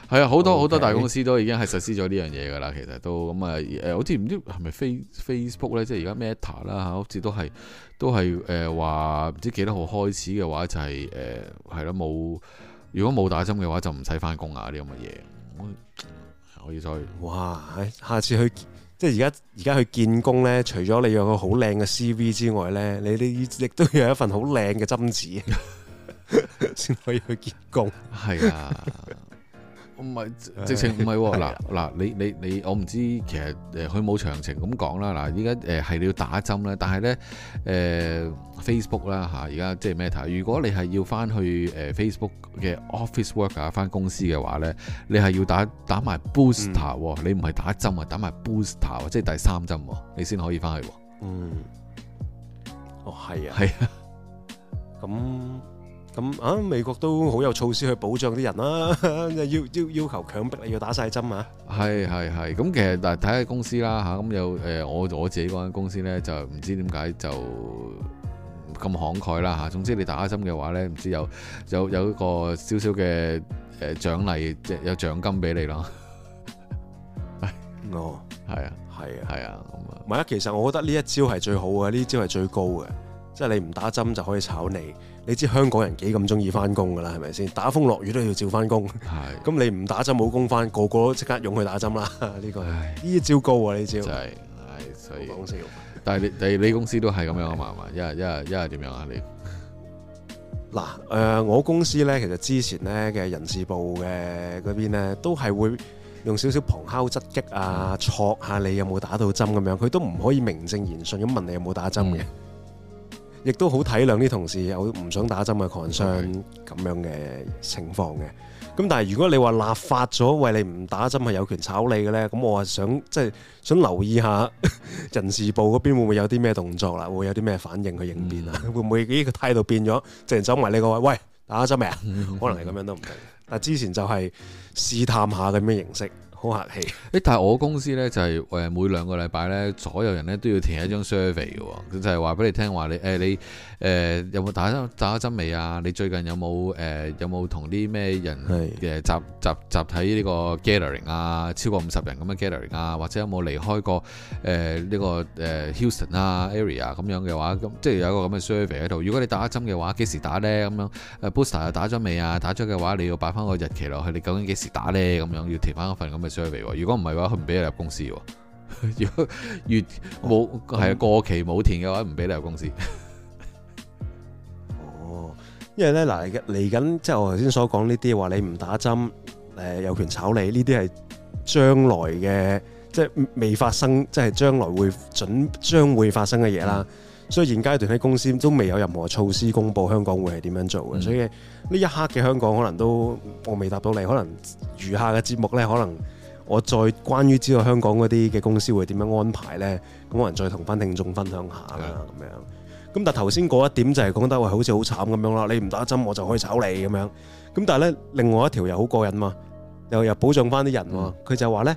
係啊，好多好多 Okay. 大公司都已經係實施咗呢樣嘢噶啦，其實都咁啊誒，好似唔知係咪 Face Facebook 咧，即係而家 Meta 啦，好似都係都係誒話唔知幾多號開始嘅話就係誒係咯冇，如果冇打針嘅話就唔使翻工啊啲咁嘅嘢，可以再，哇！下次去即係而家而家去見工咧，除咗你有個好靚嘅 CV 之外咧，你你亦都要有一份好靚嘅針紙。先可以去結局，係啊，唔係直情唔係嗱嗱，你你你，我唔知其實誒，佢冇詳情咁講啦嗱，依家誒係你要打針咧，但係咧誒 Facebook 啦吓，而家即係 Meta，如果你係要翻去誒 Facebook 嘅 office worker 翻公司嘅話咧，你係要打打埋 booster，你唔係打針啊，打埋 booster 即係第三針，你先可以翻去。嗯，哦係啊，係啊，咁。咁啊，美國都好有措施去保障啲人啦，啊， [LAUGHS] 要要要求強迫你要打晒針啊！係係係，咁其實嗱，睇下公司啦嚇，咁有誒，我、呃、我自己嗰間公司咧，就唔知點解就咁慷慨啦嚇。總之你打針嘅話咧，唔知有有有一個少少嘅誒獎勵，即係有獎金俾你咯。 [LAUGHS] [LAUGHS] 哦，係啊，係啊，係啊，咁啊，唔係啊，其實我覺得呢一招係最好嘅，呢招係最高嘅，即係你唔打針就可以炒你。你知香港人幾咁中意翻工㗎啦，係咪先？打風落雨都要照翻工。咁是你唔打針冇工翻，個個都即刻湧去打針啦！呢 [LAUGHS] 個呢是唉招高啊，呢招、啊。就係。唉，所以。但係你、你、公司都係咁樣啊嘛，一係一一係點樣啊？你嗱誒，我公司呢，其實之前呢嘅人事部嘅嗰邊咧，都係會用少少旁敲側擊啊，戳下你有冇打到針咁樣，佢都唔可以名正言順咁問你有冇打針嘅。嗯嗯。亦都好體諒啲同事有唔想打針嘅狂傷咁樣嘅情況嘅，咁但係如果你話立法咗為你唔打針係有權炒你嘅呢，咁我係想即係、就是、想留意下 [LAUGHS] 人事部嗰邊會唔會有啲咩動作啦、啊，會，會有啲咩反應去應變啊？Mm. 會唔會呢個態度變咗，直情走埋你個位？喂，打針未啊？Mm. 可能係咁樣都唔得， [LAUGHS] 但之前就係試探下咁嘅形式。好客氣，誒，但係我公司咧就係、是、誒每兩個禮拜咧，所有人咧都要填一張 survey 嘅、哦，就係話俾你聽話、呃，你誒你誒有冇打針打咗針未啊？你最近有冇誒有冇同啲咩人係嘅、呃、集集集體呢個 gathering 啊？超過五十人咁嘅 gathering 啊？或者有冇離開過誒呢、呃這個誒、呃、Houston 啊 area 咁樣嘅話咁即係有一個咁嘅 survey 喺度。如果你打針嘅話幾時打咧？咁樣誒 booster 又打咗未啊？打咗嘅話你要擺翻個日期落去。你究竟幾時打咧？咁樣要填翻嗰份咁嘅。如果唔係嘅話，佢唔俾你入公司；如 [LAUGHS] 果越冇係啊過期冇填嘅話，唔俾、嗯、你入公司。哦， [LAUGHS] 因為咧嗱嚟緊，即係我頭先所講呢啲話，你唔打針，誒有權炒你呢啲係將來嘅，即係未發生，即係將來會準將會發生嘅嘢啦。嗯、所以現階段喺公司都未有任何措施公布，香港會係點樣做嘅？嗯、所以呢一刻嘅香港可能都我未答到你，可能餘下嘅節目咧，可能。我再關於知道香港嗰啲嘅公司會點樣安排呢？咁可能再同翻聽眾分享下啦，咁的樣。咁但係頭先嗰一點就係講得，我好似好慘咁樣咯。你唔打針，我就可以炒你咁樣。咁但係呢，另外一條又好過癮嘛，又又保障翻啲人喎。佢哇就話呢：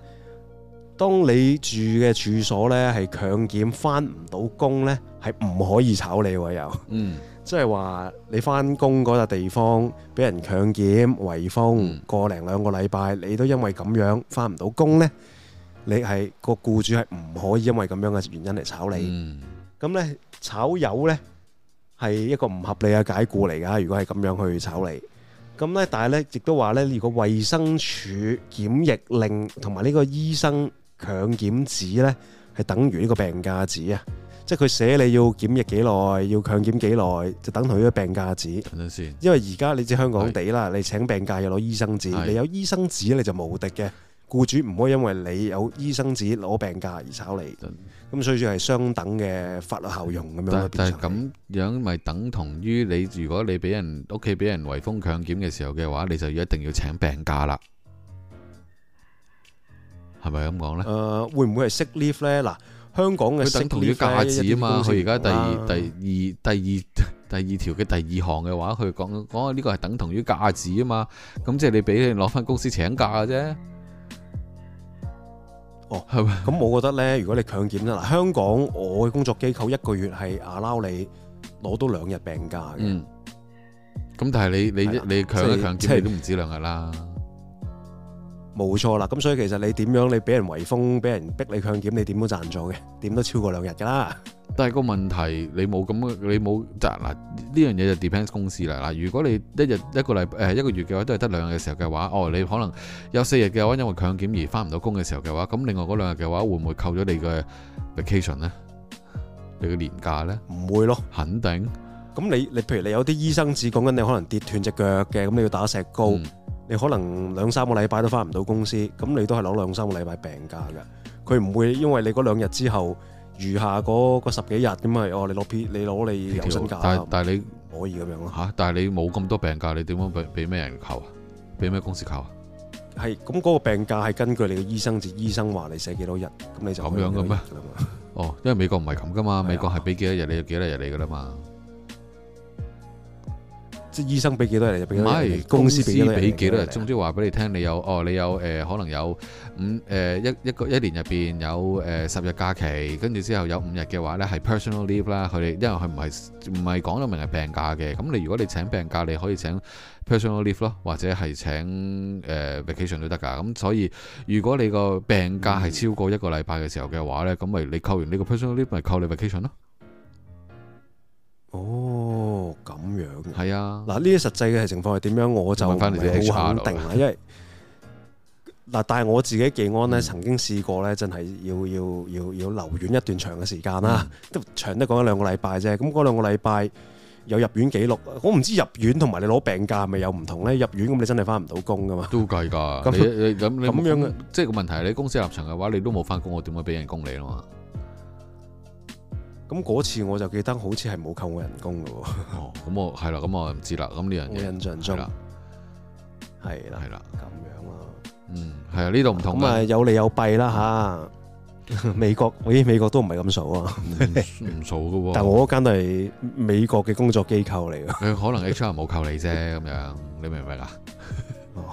「當你住嘅住所呢，係強檢，翻唔到工呢，係唔可以炒你喎」又、嗯。即係話你翻工嗰笪地方俾人強檢、圍封，嗯、個零兩個禮拜，你都因為咁樣翻唔到工呢，你係個僱主係唔可以因為咁樣嘅原因嚟炒你。咁呢、嗯、炒魷呢，係一個唔合理嘅解雇嚟㗎。如果係咁樣去炒你，咁呢，但係呢，亦都話呢，如果衞生署檢疫令同埋呢個醫生強檢紙呢，係等於呢個病假紙啊。即係佢寫你要檢疫幾耐，要強檢幾耐，就等同於病假紙。等等因為而家你知香港地啦，是你請病假又攞醫生紙，是你有醫生紙你就無敵嘅。僱主唔可以因為你有醫生紙攞病假而炒你。咁所以係相等嘅法律效用咁樣、嗯。但係咁樣咪等同於你如果你俾人屋企俾人圍封強檢嘅時候嘅話，你就一定要請病假啦。係咪咁講呢？誒、呃，會唔會係 Sick Leave 咧？嗱。香港嘅等同於假紙啊嘛，佢而家第第二、啊、第二第二，第二條嘅第二項嘅話，佢講講呢個係等同於假紙啊嘛，咁即係你俾你攞翻公司請假嘅啫。哦，係咪吧？咁我覺得呢，如果你強檢咧，嗱，香港我嘅工作機構一個月係阿撈你攞到兩日病假嘅。嗯。咁但係你、嗯、你的你強一強即係、就是、你都唔止兩日啦。冇錯啦，咁所以其實你點樣，你俾人圍封，俾人逼你強檢，你點都賺咗嘅，點都超過兩日噶啦。但係個問題，你冇咁嘅，你冇，嗱呢樣嘢就 depends 公司啦。嗱，如果你一日一個禮，誒一個月嘅話，都係得兩日嘅時候嘅話，哦，你可能有四日嘅話，因為強檢而翻唔到工嘅時候嘅話，咁另外嗰兩日嘅話，會唔會扣咗你嘅 vacation 呢？你嘅年假呢？唔會咯，肯定。咁你你譬如你有啲醫生紙講緊你可能跌斷隻腳嘅，咁你要打石膏。嗯你可能兩三個禮拜都翻唔到公司，咁你都係攞兩三個禮拜病假㗎。佢唔會因為你嗰兩日之後餘下嗰個十幾日咁咪哦，你攞 P，你攞你有薪假。但係但係你可以咁樣咯嚇，但係你冇咁多病假，你點樣俾俾咩人扣啊？俾咩公司扣啊？係咁嗰個病假係根據你嘅醫生紙，醫生話你寫幾多日，咁你就寫幾多日，咁樣嘅咩？哦，因為美國唔係咁噶嘛，美國係俾幾多日你有幾多日嚟㗎啦嘛。即係醫生俾幾多日嚟？唔係是公司俾幾多日？總之話俾你聽， [NOISE] 你有哦，你有誒、呃，可能有五誒、呃、一一個一年入邊有誒十、呃、日假期，跟住之後有五日嘅話咧係 personal leave 啦。佢哋因為佢唔係唔係講到明係病假嘅，咁你如果你請病假，你可以請 personal leave 咯，或者係請誒、呃、vacation 都得㗎。咁所以如果你個病假係超過一個禮拜嘅時候嘅話咧，咁咪你扣完呢個 personal leave 咪扣你 vacation 咯。哦，咁樣嘅，係啊，嗱，呢啲實際嘅情況係點樣？我就好肯定啊，因為嗱，但係我自己技安呢，曾經試過呢，真係要要要要留院一段長嘅時間啦，都、嗯、長得講一兩個禮拜啫。咁嗰兩個禮拜有入院記錄，我唔知入院同埋你攞病假咪有唔同呢？入院咁你真係翻唔到工噶嘛？都計噶，咁 [LAUGHS] 你咁樣嘅，即係個問題你公司立場嘅話，你都冇翻工，我點會俾人工你啊嘛？咁嗰次我就記得好似係冇扣我人工㗎。哦，咁我係啦，咁我唔知啦，咁呢樣嘢，印象中，係啦，係啦，咁樣啊，嗯，係啊，呢度唔同，咁啊有利有弊啦吓，美國，咦，美國都唔係咁數啊，唔數噶喎，但我間都係美國嘅工作機構嚟嘅，可能 H R 冇扣你啫，咁樣，你明唔明啊？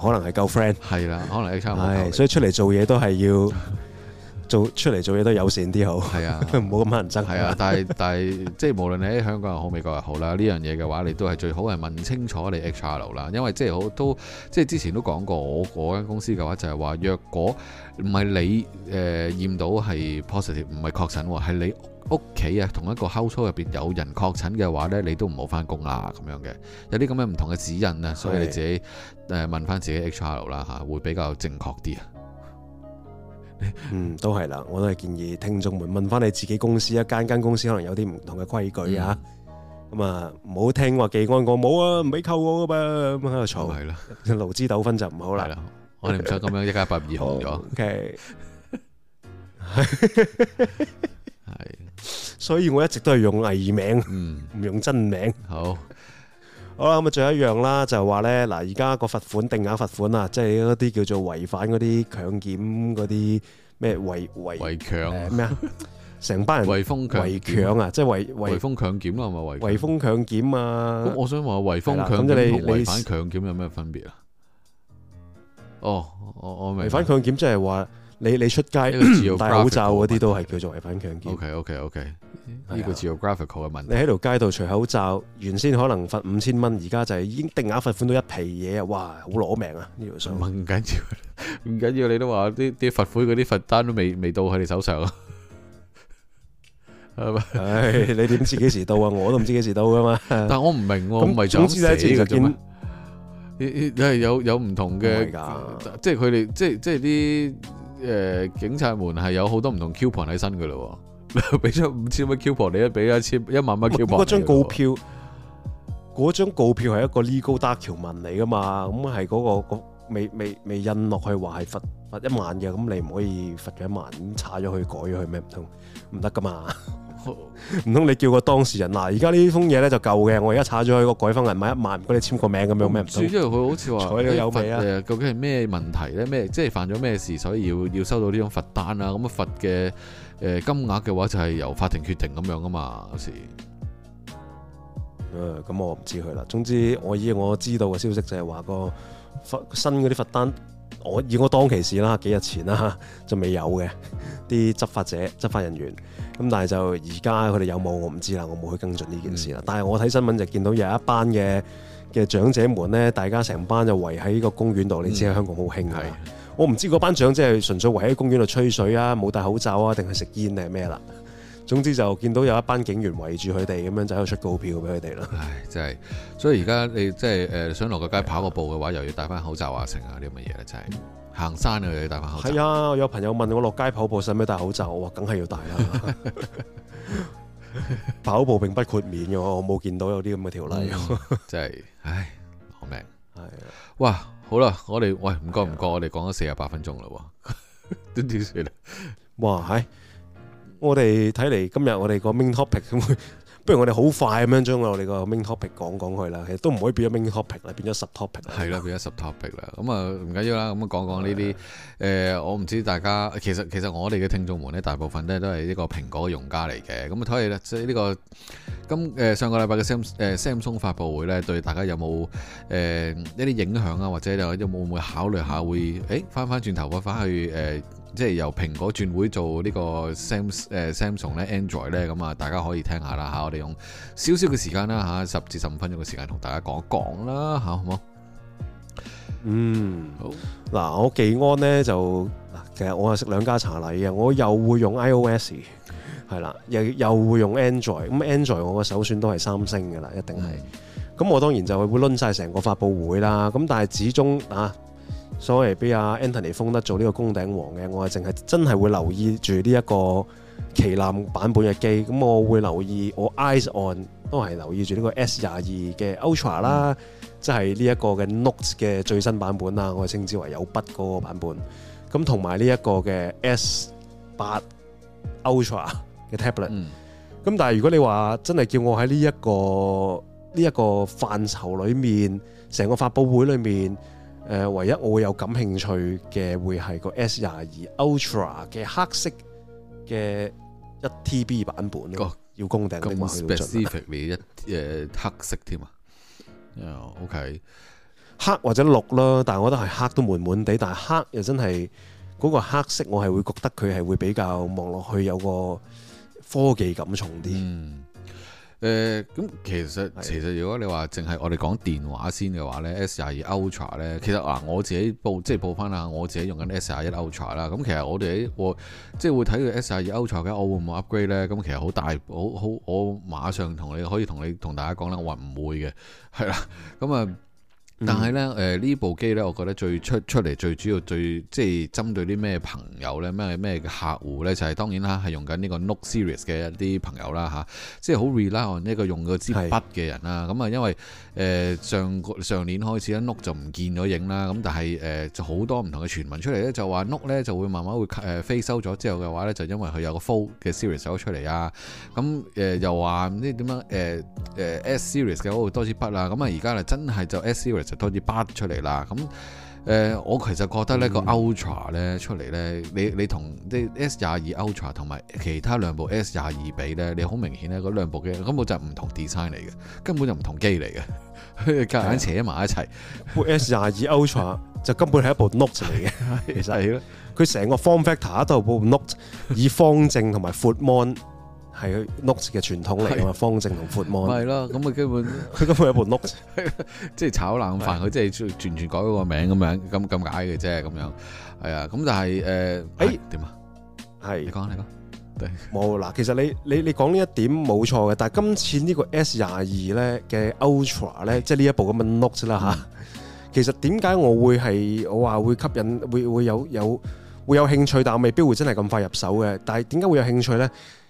可能係夠 friend，係啦，可能 H R 係，所以出嚟做嘢都係要。做出嚟做嘢都友善啲好，係啊，唔好咁乞人憎。係啊，但係但係即係無論你喺香港又好，美國又好啦，呢樣嘢嘅話，你都係最好係問清楚你 HR 啦，因為即係好都即係之前都講過，我嗰間公司嘅話就係話，若果唔係你誒驗、呃、到係 positive，唔係確診，係你屋企啊同一個 household house 入邊有人確診嘅話呢你都唔好翻工啦，咁樣嘅，有啲咁樣唔同嘅指引啊，所以你自己誒問翻自己 HR 啦吓，會比較正確啲啊。嗯，都係啦，我都係建議聽眾們問翻你自己公司，一間間公司可能有啲唔同嘅規矩啊，咁啊，唔好聽話技安我冇啊，唔俾扣我噶噃，咁喺度吵係啦，勞資糾紛就唔好啦，我哋唔想咁樣一家八二紅咗，係，所以我一直都係用藝名，嗯，唔用真名，好。好啦，咁啊，仲有一樣啦，就係話咧，嗱，而家個罰款定額罰款啊，即係嗰啲叫做違反嗰啲強檢嗰啲咩違違違強咩啊？成、呃、 [LAUGHS] 班人違風強違強啊，即係違違，違風強檢啦，係咪違違風強檢啊？咁、哦、我想話違風強咁，你你違反強檢有咩分別啊？哦，我我明。違反強檢即係話。你你出街戴口罩嗰啲都係叫做違反強檢。O K O K O K，呢個叫 geographical 嘅問題。你喺條街度除口罩，原先可能罰五千蚊，而家就係已經定額罰款到一皮嘢啊！哇，好攞命啊！呢條上唔緊要，唔緊要。你都話啲啲罰款嗰啲罰單都未未到喺你手上。係你點知幾時到啊？我都唔知幾時到噶嘛。但係我唔明，咁咪想死就見。你你你係有有唔同嘅，即係佢哋即係即係啲。誒，警察們係有好多唔同 coupon 喺身嘅咯，俾 [LAUGHS] 咗五千蚊 coupon，你都俾一千一萬蚊 coupon。唔係嗰張告票，嗰張告票係一個 legal 打橋文嚟噶嘛，咁係嗰個未未未印落去話係罰罰一萬嘅，咁你唔可以罰咗一萬，咁查咗佢改咗佢咩唔通唔得噶嘛？ [LAUGHS] 唔通你叫個當事人嗱、bueno,？而家呢封嘢咧就夠嘅。我而家查咗去個改婚銀碼一萬，唔該你簽個名咁樣咩？唔主要佢好似話采有咪啊？究竟係咩問題咧？咩即係犯咗咩事，所以要要收到呢張罰單啊？咁啊罰嘅誒金額嘅話就係由法庭決定咁樣㗎嘛？是、嗯、誒，咁、嗯嗯、我唔知佢啦。總之我以我知道嘅消息就係話個罰新嗰啲罰單，我以我當其時啦，幾日前啦就未有嘅啲執法者、執法人員。咁但係就而家佢哋有冇我唔知啦，我冇去跟進呢件事啦。嗯、但係我睇新聞就見到有一班嘅嘅長者們咧，大家成班就圍喺呢個公園度。你知喺香港好興㗎，嗯、的我唔知嗰班長即係純粹圍喺公園度吹水啊，冇戴口罩啊，定係食煙定係咩啦？總之就見到有一班警員圍住佢哋咁樣走去出告票俾佢哋啦。唉，真係，所以而家你即係誒想落個街跑個步嘅話，的又要戴翻口罩啊、成啊啲咁嘅嘢啦，真係。行山又要戴口罩。係啊，我有朋友問我落街跑步使唔使戴口罩，我話梗係要戴啦。跑步並不豁免嘅，我冇見到有啲咁嘅條例。真係，唉，我明。係啊。哇，好啦，我哋喂，唔該唔該，我哋講咗四十八分鐘啦。都點算啊？哇，係，我哋睇嚟今日我哋個 main topic。不如我哋好快咁樣將我哋個 main topic 講講佢啦，其實都唔可以變咗 main topic 啦，變咗 sub topic 啦。係啦，變咗 sub topic 啦。咁啊，唔緊要啦。咁啊，講講呢啲誒，我唔知大家其實其實我哋嘅聽眾們咧，大部分咧都係一個蘋果用家嚟嘅。咁啊、這個，睇下即係呢個今誒上個禮拜嘅 Sam 誒、呃、Samsung 發布會咧，對大家有冇誒、呃、一啲影響啊？或者有有冇會考慮下會誒翻翻轉頭啊，翻去誒？即係由蘋果轉會做呢個 Sam 誒 Samsung 咧 Android 咧，咁啊，大家可以聽下啦嚇，我哋用少少嘅時間啦嚇，十至十五分鐘嘅時間同大家講一講啦嚇，好唔、嗯、好？嗯，好。嗱，我幾安咧就其實我係食兩家茶禮嘅，我又會用 iOS 係啦，又又會用 Android。咁 Android 我嘅首選都係三星嘅啦，一定係。咁的我當然就係會 r u 成個發佈會啦。咁但係始終啊～所謂俾阿 Anthony 封得做呢個工頂王嘅，我係淨係真係會留意住呢一個旗艦版本嘅機。咁我會留意我 eyes on 都係留意住呢個 S 廿二嘅 Ultra 啦，嗯，即係呢一個嘅 Notes 嘅最新版本啦。我係稱之為有筆嗰個版本。咁同埋呢一個嘅 S 八 Ultra 嘅 tablet、嗯。咁但係如果你話真係叫我喺呢一個呢一、呢個範疇裏面，成個發佈會裏面。誒，唯一我會有感興趣嘅會係個 S 廿二 Ultra 嘅黑色嘅一 TB 版本咯，啊、要供頂嘅一誒黑色添啊。OK， [LAUGHS] 黑或者綠啦，但係我覺得係黑都悶悶地，但係黑又真係嗰、嗰個黑色，我係會覺得佢係會比較望落去有個科技感重啲。嗯。誒、咁、嗯、其實其實如果你話淨係我哋講電話先嘅話咧，S 廿二 Ultra 咧，其實嗱、啊，我自己報即係報翻下我自己用緊 S 廿一 Ultra 啦。咁、嗯、其實我哋我即係會睇佢 S 廿二 Ultra 嘅，我會唔會，會 upgrade 咧？咁、嗯、其實好大，好好我馬上同你可以同你同大家講啦，我話唔會嘅，係、嗯、啦，咁啊。但係咧，誒、呃、呢部機咧，我覺得最出出嚟最主要最即係針對啲咩朋友咧，咩咩嘅客戶咧，就係、是、當然啦，係用緊呢個 Note Series 嘅一啲朋友啦，吓、啊，即係好 relatable 呢個用個支筆嘅人啦。咁啊是，因為誒、呃、上上年開始咧 Note 就唔見咗影啦，咁但係誒就好多唔同嘅傳聞出嚟咧，就話 Note 咧就會慢慢會誒飛、呃、收咗之後嘅話咧，就因為佢有個 Fold 嘅 Series 咗出嚟啊，咁、啊、誒、呃、又話呢點樣誒？誒 S, S series 嘅好多支筆啦，咁啊而家咧真係就 S series 就多支筆出嚟啦。咁誒，我其實覺得呢個 Ultra 咧出嚟咧，你你同啲 S 廿二 Ultra 同埋其他兩部 S 廿二比咧，你好明顯咧嗰兩部嘅根本就唔同 design 嚟嘅，根本就唔同，就同機嚟嘅，夾硬扯埋一齊。S 廿二的 [LAUGHS] Ultra 就根本係一部 Note 嚟嘅， [LAUGHS] 其實係咯，佢成個 form factor 都係部 Note， [LAUGHS] 以方正同埋闊 mon。係佢 note, 的 [LAUGHS] note s 嘅傳統嚟方正同闊幕。咪係咯，咁啊基本佢根本有部 note，即係炒冷飯，佢即係完全改咗個名咁樣，咁咁解嘅啫，咁樣係啊。咁但係誒，呃欸、哎點啊？係樣的你講你講，冇嗱。其實你你你講呢一點冇錯嘅，但係今次呢個 S 廿二咧嘅 Ultra 咧，即係呢一部咁樣 note s 啦吓、嗯，其實點解我會係我話會吸引，會會有有會有興趣，但未必會真係咁快入手嘅。但係點解會有興趣咧？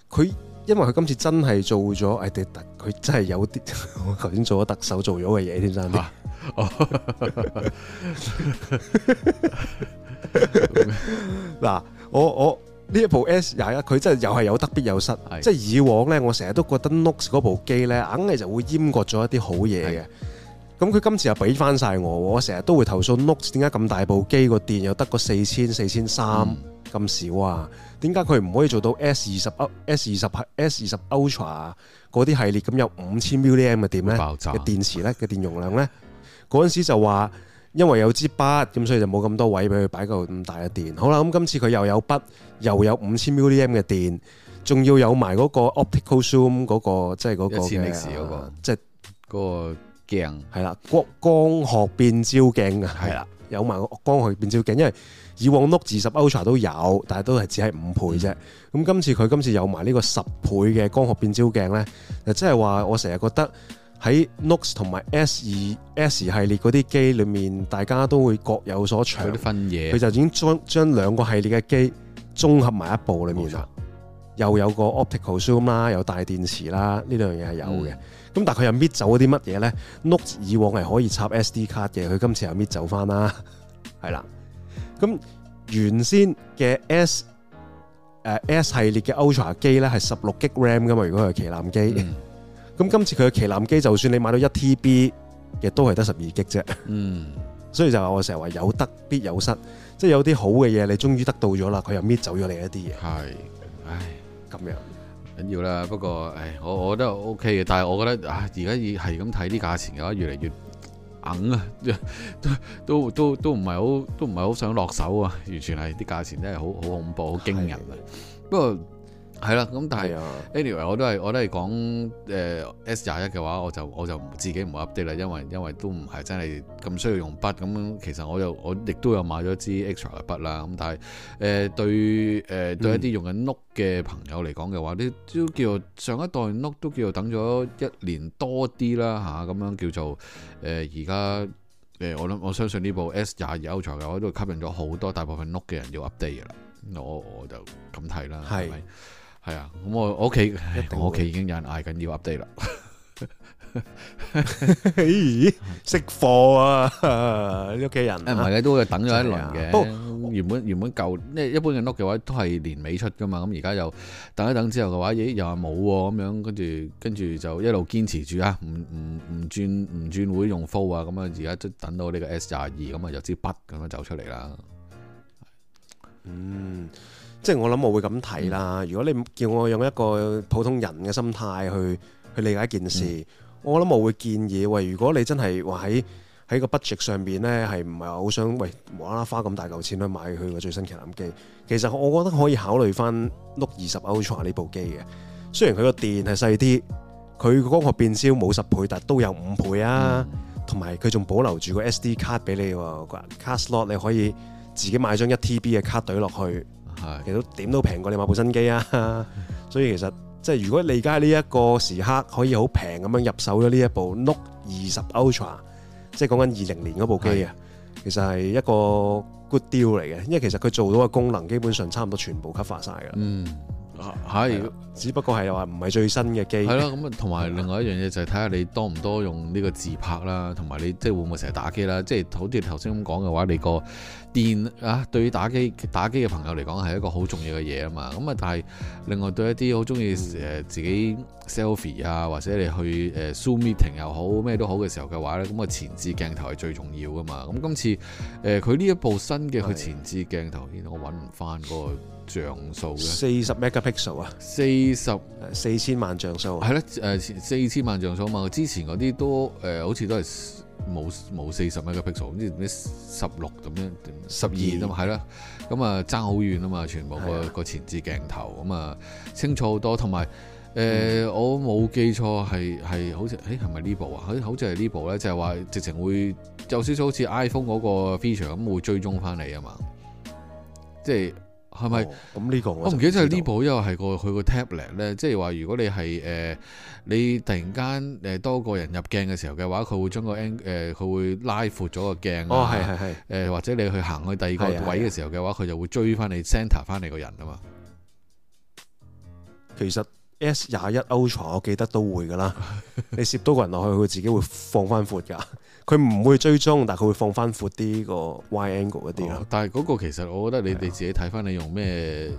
佢因為佢今次真係做咗，誒、欸、特佢真係有啲， [LAUGHS] 我頭先做咗特首做咗嘅嘢，先生。嗱，我我呢一部 S 廿一，佢真係又係有得必有失，的即係以往呢，我成日都覺得 Note 嗰部機呢，硬係就會閹割咗一啲好嘢嘅。咁佢今次又俾翻晒我，我成日都會投訴 Note，點解咁大部機個電又得個四千、四千三？咁少啊？點解佢唔可以做到 S 二十 ultra、ah、S 二十 S 二十 ultra 嗰啲系列咁有五千 mAh 嘅電咧？爆炸嘅電池咧嘅電容量咧？嗰陣 [LAUGHS] 時就話因為有支筆咁，所以就冇咁多位俾佢擺個咁大嘅電。好啦、啊，咁今次佢又有筆，又有五千 mAh 嘅電，仲要有埋嗰個 optical zoom 嗰、嗰個，即係嗰個一即係嗰個鏡。係啦，光光學變焦鏡啊，係啦，有埋光學變焦鏡，因為。以往 Note 二十 Ultra 都有，但係都係只係五倍啫。咁今、嗯、次佢今次有埋呢個十倍嘅光學變焦鏡呢，即係話我成日覺得喺 Note 同埋 S 二 S, 嗯、S, S 系列嗰啲機裡面，大家都會各有所長。佢分嘢。佢就已經將將兩個系列嘅機綜合埋一部裏面啦。嗯、又有個 Optical Zoom 啦，有大電池啦，嗯、呢兩樣嘢係有嘅。咁但係、嗯、佢又搣走嗰啲乜嘢呢？Note 以往係可以插 SD 卡嘅，佢今次又搣走翻啦。係啦。咁原先嘅 S 誒 S 系列嘅 Ultra 機咧係十六 GB RAM 噶嘛，如果佢係旗艦機。咁、嗯、今次佢嘅旗艦機，就算你買到一 TB 嘅，都係得十二 GB 啫。嗯，所以就話我成日話有得必有失，即係有啲好嘅嘢你終於得到咗啦，佢又搣走咗你一啲嘢。係，唉，咁樣唔緊要啦。不過，唉，我我覺得 OK 嘅，但係我覺得啊，而家以係咁睇啲價錢嘅話，越嚟越～等啊， [LAUGHS] 都都都都唔係好，都唔係好想落手啊！完全係啲價錢真係好好恐怖，好驚人啊！不過，係啦，咁但係的，anyway，我都係我都係講，誒、呃、，S 廿一嘅話，我就我就唔自己唔 update 啦，因為因為都唔係真係咁需要用筆咁、嗯，其實我又我亦都有買咗支 extra 嘅筆啦，咁但係，誒、呃，對，誒、呃，對一啲用緊 note 嘅朋友嚟講嘅話，啲、嗯、都叫做上一代 note 都叫做等咗一年多啲啦，吓、啊，咁樣叫做，誒、呃，而家，誒、呃，我諗我相信呢部 S 廿二 Ultra 嘅話，都吸引咗好多大部分 note 嘅人要 update 啦，我我就咁睇啦，係的。吧係啊，咁我我屋企，我屋企已經有人嗌緊要 update 啦，識 [LAUGHS] 貨誒啊！屋企人、啊，唔係嘅，都係等咗一輪嘅。原本原本舊，即係一般嘅屋嘅話，都係年尾出噶嘛。咁而家又等一等之後嘅話，咦、哎、又話冇喎咁樣，跟住跟住就一路堅持住啊！唔唔唔轉唔轉會用 full 啊！咁啊，而家都等到呢個 S 廿二咁啊，有支筆咁樣走出嚟啦。嗯。即係我諗，我會咁睇啦。如果你叫我用一個普通人嘅心態去去理解一件事，嗯、我諗我會建議喂。如果你真係話喺喺個 budget 上邊咧，係唔係好想喂無啦啦花咁大嚿錢去買佢個最新旗艦機？其實我覺得可以考慮翻碌 o o k 二十 Ultra 呢部機嘅。雖然佢個電係細啲，佢嗰個變焦冇十倍，但都有五倍啊。同埋佢仲保留住個 SD 卡俾你喎，卡 slot 你可以自己買張一 TB 嘅卡隊落去。其實點都平過你買部新機啊！ [LAUGHS] 所以其實即係如果你而家喺呢一個時刻可以好平咁樣入手咗呢一部 Note 二十 Ultra，即係講緊二零年嗰部機啊，是其實係一個 good deal 嚟嘅，因為其實佢做到嘅功能基本上差唔多全部覆蓋晒㗎。嗯係，只不過係又話唔係最新嘅機。係啦， [LAUGHS] 咁啊，同埋另外一樣嘢就係睇下你多唔多用呢個自拍啦，同埋你即係會唔會成日打機啦？即係好似頭先咁講嘅話，你個電啊，對於打機打機嘅朋友嚟講係一個好重要嘅嘢啊嘛。咁啊，但係另外對一啲好中意誒自己 selfie 啊，或者你去誒 zoom meeting 又好咩都好嘅時候嘅話咧，咁啊前置鏡頭係最重要噶嘛。咁今次誒佢呢一部新嘅佢前置鏡頭，呢的我搵唔翻個。像素嘅四十 megapixel 啊，四十四千萬像素係啦，誒四千萬像素啊、呃、4, 000, 000像素嘛，之前嗰啲都誒、呃、好似都係冇冇四十 megapixel，好似咩十六咁樣，十二啊嘛係啦。咁啊爭好遠啊嘛，全部個個的前置鏡頭咁啊清楚好多，同埋誒我冇記錯係係好似誒係咪呢部啊？好似、欸、好似係呢部咧，就係、是、話直情會就少少好似 iPhone 嗰個 feature 咁會追蹤翻你啊嘛，即係。係咪咁呢個我？我唔記得咗呢部，因為係個佢個 tablet 咧，即係話如果你係誒、呃、你突然間誒多個人入鏡嘅時候嘅話，佢會將、那個誒佢、呃、會拉闊咗個鏡，啊。哦，係係係誒，或者你去行去第二個位嘅時候嘅話，佢就會追翻你 center e 翻你個人啊嘛。其實 S 廿一 Ultra 我記得都會噶啦， [LAUGHS] 你攝多個人落去，佢自己會放翻闊噶。佢唔會追蹤，但係佢會放翻闊啲個 Y angle 嗰啲咯。但係嗰個其實我覺得你哋的自己睇翻，你用咩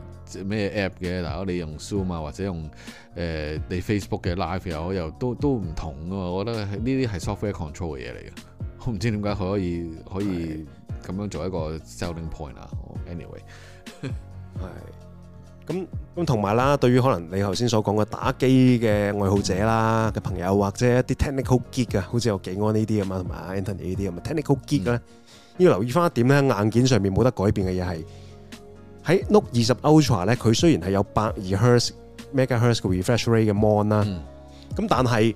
咩 app 嘅？嗱，我你用 Zoom 啊，或者用誒、呃、你 Facebook 嘅 Live 又又都都唔同嘅。我覺得呢啲係 software control 嘅嘢嚟嘅。我唔知點解佢可以可以咁樣做一個 selling point 啊。的 Anyway，係。 [LAUGHS] 咁咁同埋啦，對於可能你頭先所講嘅打機嘅愛好者啦嘅朋友，或者一啲 technical geek 啊，好似有技安呢啲咁啊，同埋 Antony 呢啲咁啊，technical geek 咧，要留意翻一點咧，硬件上面冇得改變嘅嘢係喺 Note 二十 Ultra 咧，佢雖然係有百二 Hertz、Megahertz 嘅 refresh rate 嘅 mon 啦，咁但係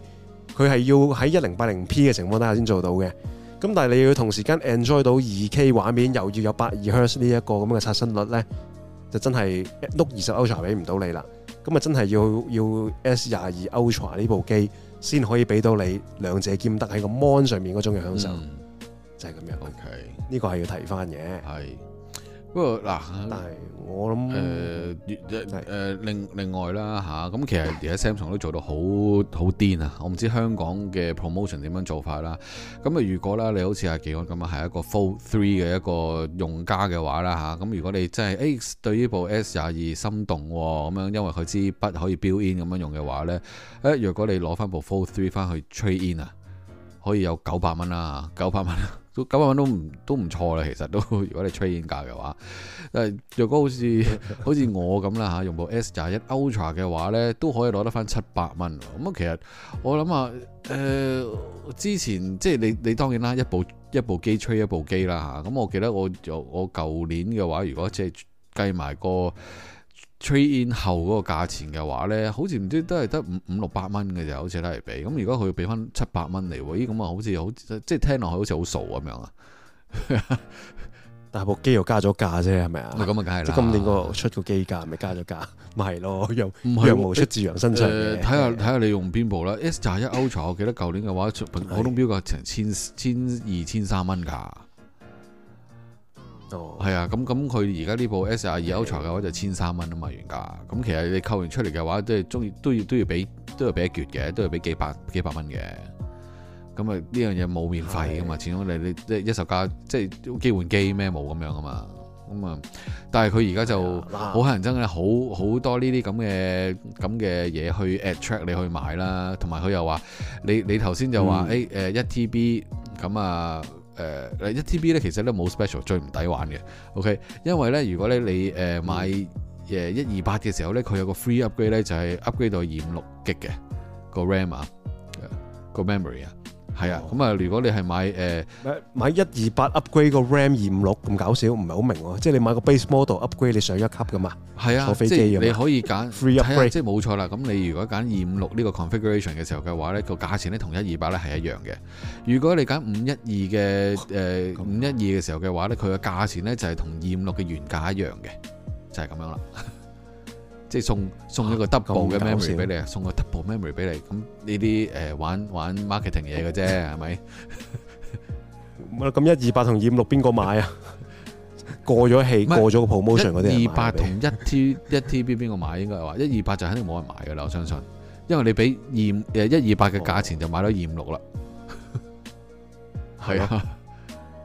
佢係要喺一零八零 P 嘅情況底下先做到嘅。咁但係你要同時間 enjoy 到二 K 畫面，又要有百二 Hertz 呢一個咁嘅刷新率咧，就真係碌二十 Ultra 俾唔到你啦，咁啊真係要要 S 廿二 Ultra 呢部機先可以俾到你兩者兼得喺個 Mon 上面嗰種嘅享受，mm hmm. 就係咁樣。OK，呢個係要提翻嘅。係。不過嗱，啊、但係我諗誒誒，另另外啦嚇，咁、啊嗯、其實而家 Samsung 都做到好好癲啊！我唔知香港嘅 promotion 點樣做法啦。咁啊、嗯，如果啦你好似阿技安咁啊，係一個 Fold Three 嘅一個用家嘅話啦嚇，咁、啊嗯、如果你真係 X、欸、對呢部 S 廿二心動咁樣，啊，因為佢支筆可以 build in 咁樣用嘅話咧，誒、啊，若、嗯、果你攞翻部 Fold Three 翻去 trade in 啊，可以有九百蚊啊，九百蚊。 [LAUGHS] 九百蚊，都唔都唔錯啦，其實都如果你 trade in 價嘅話，誒若果好似 [LAUGHS] 好似我咁啦嚇，用部 S 廿一 Ultra 嘅話咧，都可以攞得翻七百蚊。咁啊，其實我諗下，誒、呃、之前即係你你當然啦，一部一部機 trade 一部機啦嚇。咁、啊、我記得我就我舊年嘅話，如果即係計埋個。Trade in 後，嗰個價錢嘅話咧，好似唔知都係得五五六百蚊嘅啫，好似都係俾。咁如果佢要俾翻七百蚊嚟喎，咦咁啊，好似好即係聽落去好似好傻咁樣啊！大部機又加咗價啫，係咪啊？咁啊，梗係啦！今年個出個機價咪加咗價，咪係咯，又唔又冇出自羊身上。睇下睇下你用邊部啦，S 就係一歐才，Ultra, [COUGHS] 我記得舊年嘅話普通標 1, [COUGHS] 12, 價成千千二千三蚊噶。係啊，咁咁佢而家呢部 S 廿二 Ultra 嘅話就千三蚊啊嘛，原價，咁其實你扣完出嚟嘅話，都係中意都要都要俾都要俾一橛嘅，都要俾幾百幾百蚊嘅。咁啊，呢樣嘢冇免費噶嘛，的始終你你一手價，即係機換機咩冇咁樣啊嘛。咁啊，但係佢而家就好乞人憎嘅，好好多呢啲咁嘅咁嘅嘢去 attract 你去買啦。同埋佢又話，你你頭先就話誒誒一 TB 咁啊。誒，嗱一 TB 咧，其實咧冇 special，最唔抵玩嘅，OK。因為咧，如果咧你誒、呃、買誒一二八嘅時候咧，佢有個 free upgrade 咧，就係、是、upgrade 到二五六 G 嘅個 RAM 啊，個 memory 啊。係啊，咁啊，如果你係買誒買一二八 upgrade 個 RAM 二五六咁搞笑，唔係好明喎，即係你買個 base model upgrade 你上一級噶嘛？係啊，即係你可以揀 free upgrade，即係冇錯啦。咁你如果揀二五六呢個 configuration 嘅時候嘅話呢，個價錢呢同一二八呢係一樣嘅。如果你揀五一二嘅誒五一二嘅時候嘅話呢，佢個價錢呢就係同二五六嘅原價一樣嘅，就係咁樣啦。即係送送一個 double 嘅 memory 俾你，送個 double memory 俾你。咁呢啲誒玩玩 marketing 嘢嘅啫，係咪？咁一二八同二五六邊個買啊？過咗氣， [LAUGHS] 過咗個 promotion 嗰啲二八同一 T 一 TB 邊個買應該？應該係話一二八就肯定冇人買噶啦，我相信，因為你俾二誒一二八嘅價錢就買到二五六啦。係、哦、 [LAUGHS] 啊，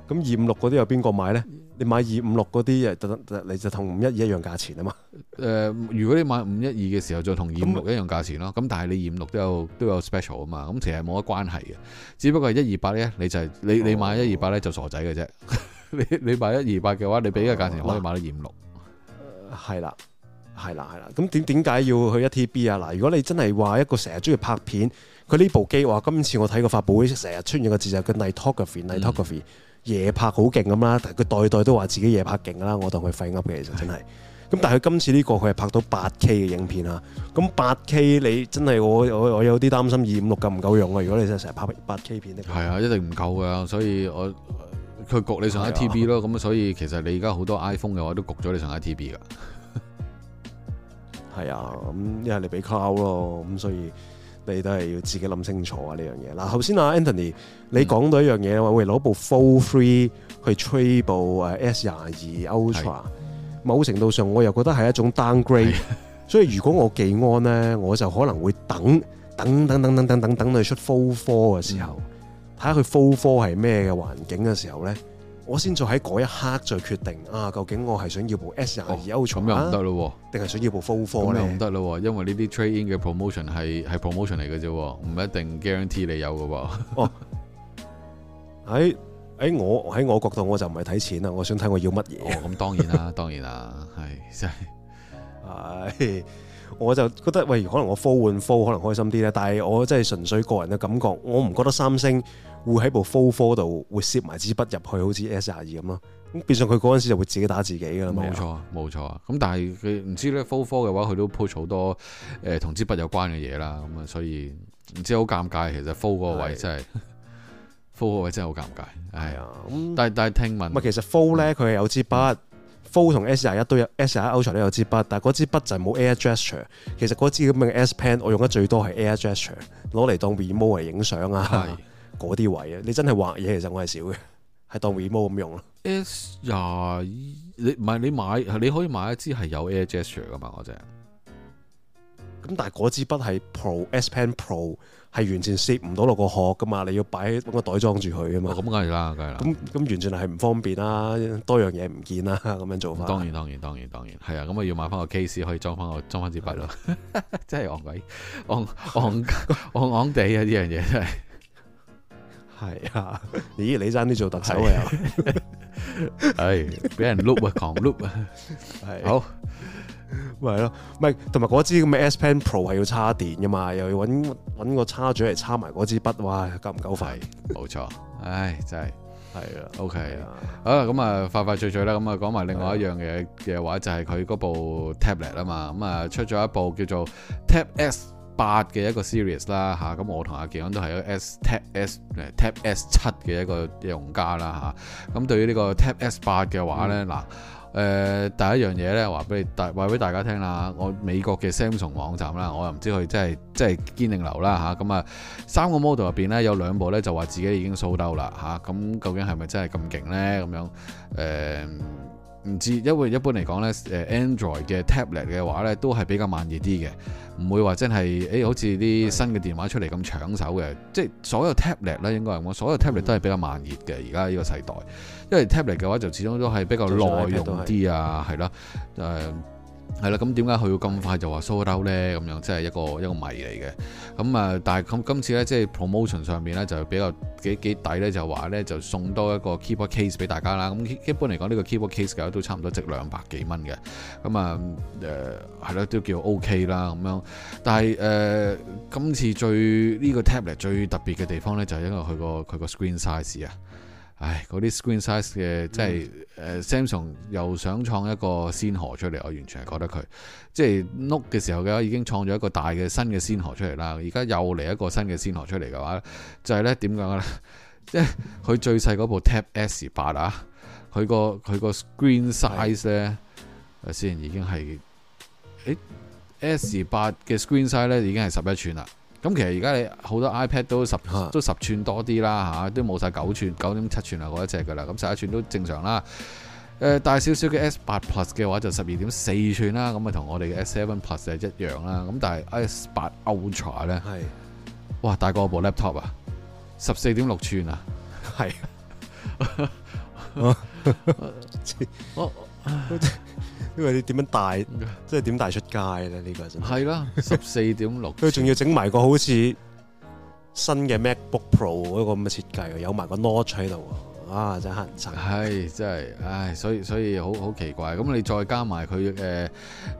咁二五六嗰啲有邊個買咧？你買二五六嗰啲嘢，你就同五一二一樣價錢啊嘛。誒、呃，如果你買五一二嘅時候，就同二五六一樣價錢咯。咁那但係你二五六就都有，有 special 啊嘛。咁其實冇乜關係嘅，只不過係一二八咧，你就係、是哦、你你買一二八咧就傻仔嘅啫。哦、 [LAUGHS] 你你買一二八嘅話，你俾個價錢可以買到二五六。係、呃呃、啦，係啦，係啦。咁點點解要去一 TB 啊？嗱，如果你真係話一個成日中意拍片，佢呢部機話，今次我睇個發布會，成日出現個字就叫 nitography，nitography。夜拍好勁咁啦，但佢代代都話自己夜拍勁啦，我當佢廢噏嘅其實真係，咁的但係佢今次呢、呢個佢係拍到八 K 嘅影片啊，咁八 K 你真係我我我有啲擔心二五六夠唔夠用啊，如果你真係成日拍八 K 片咧，係啊一定唔夠嘅，所以我佢焗你上 1TB 咯的，咁所以其實你而家好多 iPhone 嘅話都焗咗你上 1TB 噶，係 [LAUGHS] 啊，咁一係你俾卡咯，咁所以。你都係要自己諗清楚啊！呢樣嘢嗱，頭先啊 Anthony，你講到一樣嘢，我會攞部 Fold 3去吹部誒 S 廿二 Ultra，某程度上我又覺得係一種 downgrade，所以如果我技安咧，我就可能會等等等等等等等等到出 Fold 4嘅時候，睇下佢 Fold 4係咩嘅環境嘅時候咧。我先再喺嗰一刻再決定啊，究竟我係想要部 S 廿二 Ultra 啊、哦，定係想要部 Fold 咧？咁又唔得咯，因為呢啲 Trade In 嘅 promotion 係係 promotion 嚟嘅啫，唔一定 guarantee 你有嘅喎。喺喺我喺我角度，我就唔係睇錢啦，我想睇我要乜嘢。咁、哦、當然啦，當然啦，係真係，我就覺得，喂，可能我 Fold 換 Fold 可能開心啲咧，但係我真係純粹個人嘅感覺，我唔覺得三星。會喺部 Fold Four 度會 insert 埋支筆入去，好似 S 廿二咁咯。咁變相佢嗰陣時就會自己打自己噶啦。冇錯，冇嗎錯。咁但係佢唔知呢 Fold Four 嘅話佢都 push 好多誒同支筆有關嘅嘢啦。咁啊，所以唔知好尷尬。其實 Fold 嗰個位真係、啊、 [LAUGHS] Fold 嗰位真係好尷尬。係啊，但但係聽聞唔係其實 Fold 咧佢係有支筆。Fold 同 S 廿一都有 S 廿一 Ultra 都有支筆，但係嗰支筆就冇 air gesture。其實嗰支咁嘅 S, S pen 我用得最多係 air gesture，攞嚟當 remote 嚟影相啊。的 [LAUGHS] 嗰啲位啊，你真係畫嘢，其實我係少嘅，係當軟毛咁用咯。S 廿你唔係你買，你可以買一支係有 air gesture 嘅嘛？我啫。咁但係嗰支筆係 Pro S Pen Pro，係完全攝唔到落個殼噶嘛？你要擺喺搵個袋裝住佢啊嘛？咁梗係啦，梗係啦。咁咁完全係唔方便啦，多樣嘢唔見啦，咁樣做翻。當然，當然，當然，當然，係啊。咁啊要買翻個 case 可以裝翻個，裝翻支筆咯。對 [LAUGHS] 真係昂貴，昂昂昂昂地啊！呢樣嘢真係。 [LAUGHS] 係啊，咦，你爭啲做特首啊？係俾、 [LAUGHS] 哎、人碌啊，狂碌好啊！係好，咪係咯，咪同埋嗰支咁嘅 S Pen Pro 係要叉電噶嘛，又要揾揾個叉嘴嚟叉埋嗰支筆，哇，夠唔夠費？冇錯，唉、哎，真係係啊，OK，啊！好啦，咁啊，快快脆脆啦，咁啊，講埋另外一樣嘢嘅話，啊、就係佢嗰部 tablet 啊嘛，咁啊，出咗一部叫做 Tab S。八嘅一個 series 啦、啊、嚇，咁我同阿健都係個 S Tab S 誒 Tab S 七嘅一個用家啦嚇。咁、啊、對於呢個 Tab S 八嘅話咧，嗱誒、嗯呃、第一樣嘢咧話俾你大話俾大家聽啦，我美國嘅 Samsung 網站啦，我又唔知佢真係真係堅定流啦嚇。咁啊，啊三個 model 入邊咧有兩部咧就話自己已經 sold out 啦嚇。咁究竟係咪真係咁勁咧？咁樣誒。呃唔知，因為一般嚟講咧，誒 Android 嘅 tablet 嘅話咧，都係比較慢熱啲嘅，唔會話真係誒、欸、好似啲新嘅電話出嚟咁搶手嘅，是的 即係所有 tablet 咧應該係我所有 tablet 都係比較慢熱嘅，而家呢個世代，因為 tablet 嘅話就始終都係比較耐用啲啊，係啦，誒。呃係啦，咁點解佢要咁快就話 sold out 咧？咁樣即係一個一個謎嚟嘅。咁啊，但係咁今次咧，即係 promotion 上面咧就比較幾幾抵咧，就話咧就送多一個 keyboard case 俾大家啦。咁一般嚟講，呢、這個 keyboard case 嘅都差唔多值兩百幾蚊嘅。咁啊誒，係、呃、咯，都叫 OK 啦咁樣。但係誒、呃，今次最呢、這個 tablet 最特別嘅地方咧，就係、是、因為佢個佢個 screen size 啊。唉，嗰啲 screen size 嘅即係，Samsung 又想創一個先河出嚟，我完全係覺得佢即係 Note 嘅時候嘅話，已經創咗一個大嘅新嘅先河出嚟啦。而家又嚟一個新嘅先河出嚟嘅話，就係、是、呢點講咧？呢 [LAUGHS] 即係佢最細嗰部 Tab S 八啦、啊，佢個佢個 screen size 咧，係然是已經係？誒 S 八嘅 screen size 咧已經係十一寸啦。咁其實而家你好多 iPad 都十、啊、都十寸多啲啦嚇，都冇晒九寸、九點七寸啊嗰一隻噶啦，咁十一寸都正常啦。誒、呃、大少少嘅 S 八 Plus 嘅話就十二點四寸啦，咁啊同我哋嘅 S 七 Plus 係一樣啦。咁但係 S 八 Ultra 咧，係是哇大過我部 Laptop 啊，十四點六寸啊，係。因為你點樣帶， [LAUGHS] 即係點帶出街咧？呢、這個真係係啦，十四點六，佢仲要整埋個好似新嘅 MacBook Pro 嗰個咁嘅設計，有埋個 notch 喺度，啊，真係黑人憎！係真係，唉，所以所以好好奇怪。咁你再加埋佢誒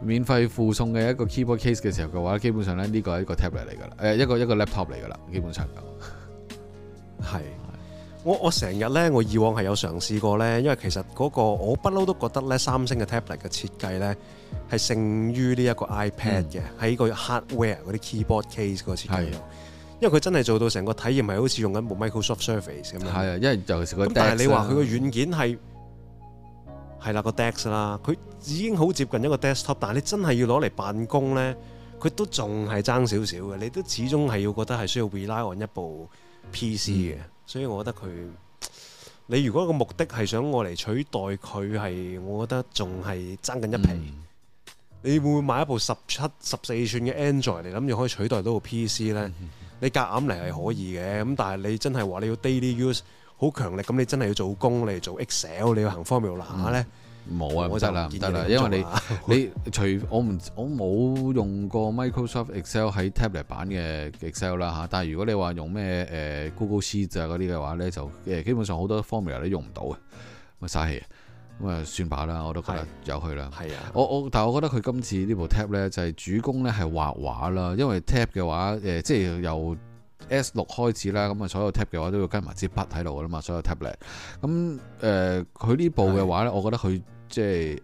免費附送嘅一個 keyboard case 嘅時候嘅話，基本上咧呢個係一個 tablet 嚟噶啦，誒、呃，一個一個 laptop 嚟噶啦，基本上就係。 [LAUGHS] 我我成日咧，我以往係有嘗試過咧，因為其實嗰、那個我不嬲都覺得咧，三星嘅 tablet 嘅設計咧係勝於呢、嗯、一個 iPad 嘅，喺個 hardware 嗰啲 keyboard case 嗰個設計。是因為佢真係做到成個體驗，係好似用緊部 Microsoft Surface 咁樣。係啊，因為就係個、嗯、但係你話佢個軟件係係啦個 Dex 啦，佢已經好接近一個 desktop，但係你真係要攞嚟辦公咧，佢都仲係爭少少嘅，你都始終係要覺得係需要 rely on 一部 PC 嘅。嗯所以我的的，我覺得佢，嗯、你如果個目的係想我嚟取代佢，係我覺得仲係爭緊一皮。你會唔會買一部十七、十四寸嘅 Android 嚟諗住可以取代到個 PC 呢？你夾硬嚟係可以嘅，咁但係你真係話你要 daily use 好強力，咁你真係要做工嚟做 Excel，你要行 f o r 方面又難呢。嗯冇啊，唔得啦，唔得啦，因為你 [LAUGHS] 你除我唔我冇用過 Microsoft Excel 喺 tablet 版嘅 Excel 啦、啊、嚇，但係如果你用、呃、話用咩誒 Google Sheets 啊嗰啲嘅話咧，就誒基本上好多 formula 都用唔到嘅，咁啊嘥氣咁啊算吧啦，我都覺得有去啦。係啊，啊我我但係我覺得佢今次部呢部 tablet 咧就係、是、主攻咧係畫畫啦，因為 tab 嘅話誒、呃、即係由 S 六開始啦，咁、嗯、啊所有 tab 嘅話都要跟埋支筆喺度噶啦嘛，所有 tablet 咁誒佢呢部嘅話咧，我覺得佢是。即係誒，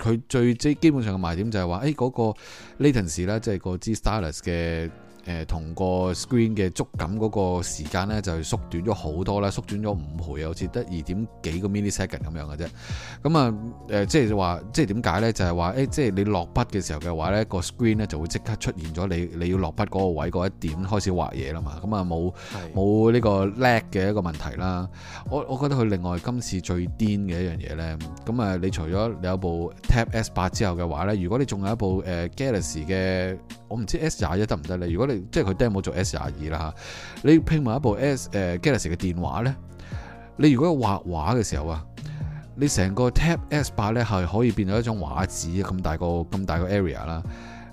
佢、呃、最基基本上嘅賣點就係話，誒、哎、嗰、那個 latency 啦，即係個 G Stylus 嘅。誒、呃、同個 screen 嘅觸感嗰個時間咧就係、是、縮短咗好多啦，縮短咗五倍，好似得二點幾個 millisecond 咁樣嘅啫。咁啊誒，即係話即係點解咧？就係話誒，即係你落筆嘅時候嘅話咧，個 screen 咧就會即刻出現咗你你要落筆嗰個位嗰一點開始畫嘢啦嘛。咁啊冇冇呢個 lag 嘅一個問題啦。我我覺得佢另外今次最癲嘅一樣嘢咧，咁啊，你除咗你有部 Tab S 八之後嘅話咧，如果你仲有一部誒 Galaxy 嘅。我唔知 S 廿一得唔得咧？如果你即係佢 demo 做 S 廿二啦吓，你拼埋一部 S 誒、呃、Galaxy 嘅電話咧，你如果畫畫嘅時候啊，你成個 Tab S 八咧係可以變咗一種畫紙咁大個咁大個 area 啦。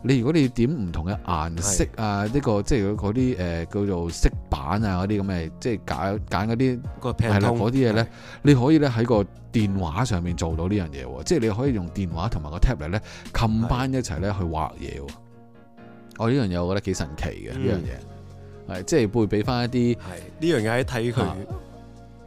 你如果你點唔同嘅顏色的啊，呢、這個即係嗰啲誒叫做色板啊，嗰啲咁嘅即係揀揀嗰啲係啦嗰啲嘢咧，你可以咧喺個電話上面做到呢樣嘢，即係你可以用電話同埋個 Tab 嚟咧 combine 一齊咧去畫嘢。我呢樣嘢我覺得幾神奇嘅呢樣嘢，係即係會俾翻一啲呢樣嘢喺睇佢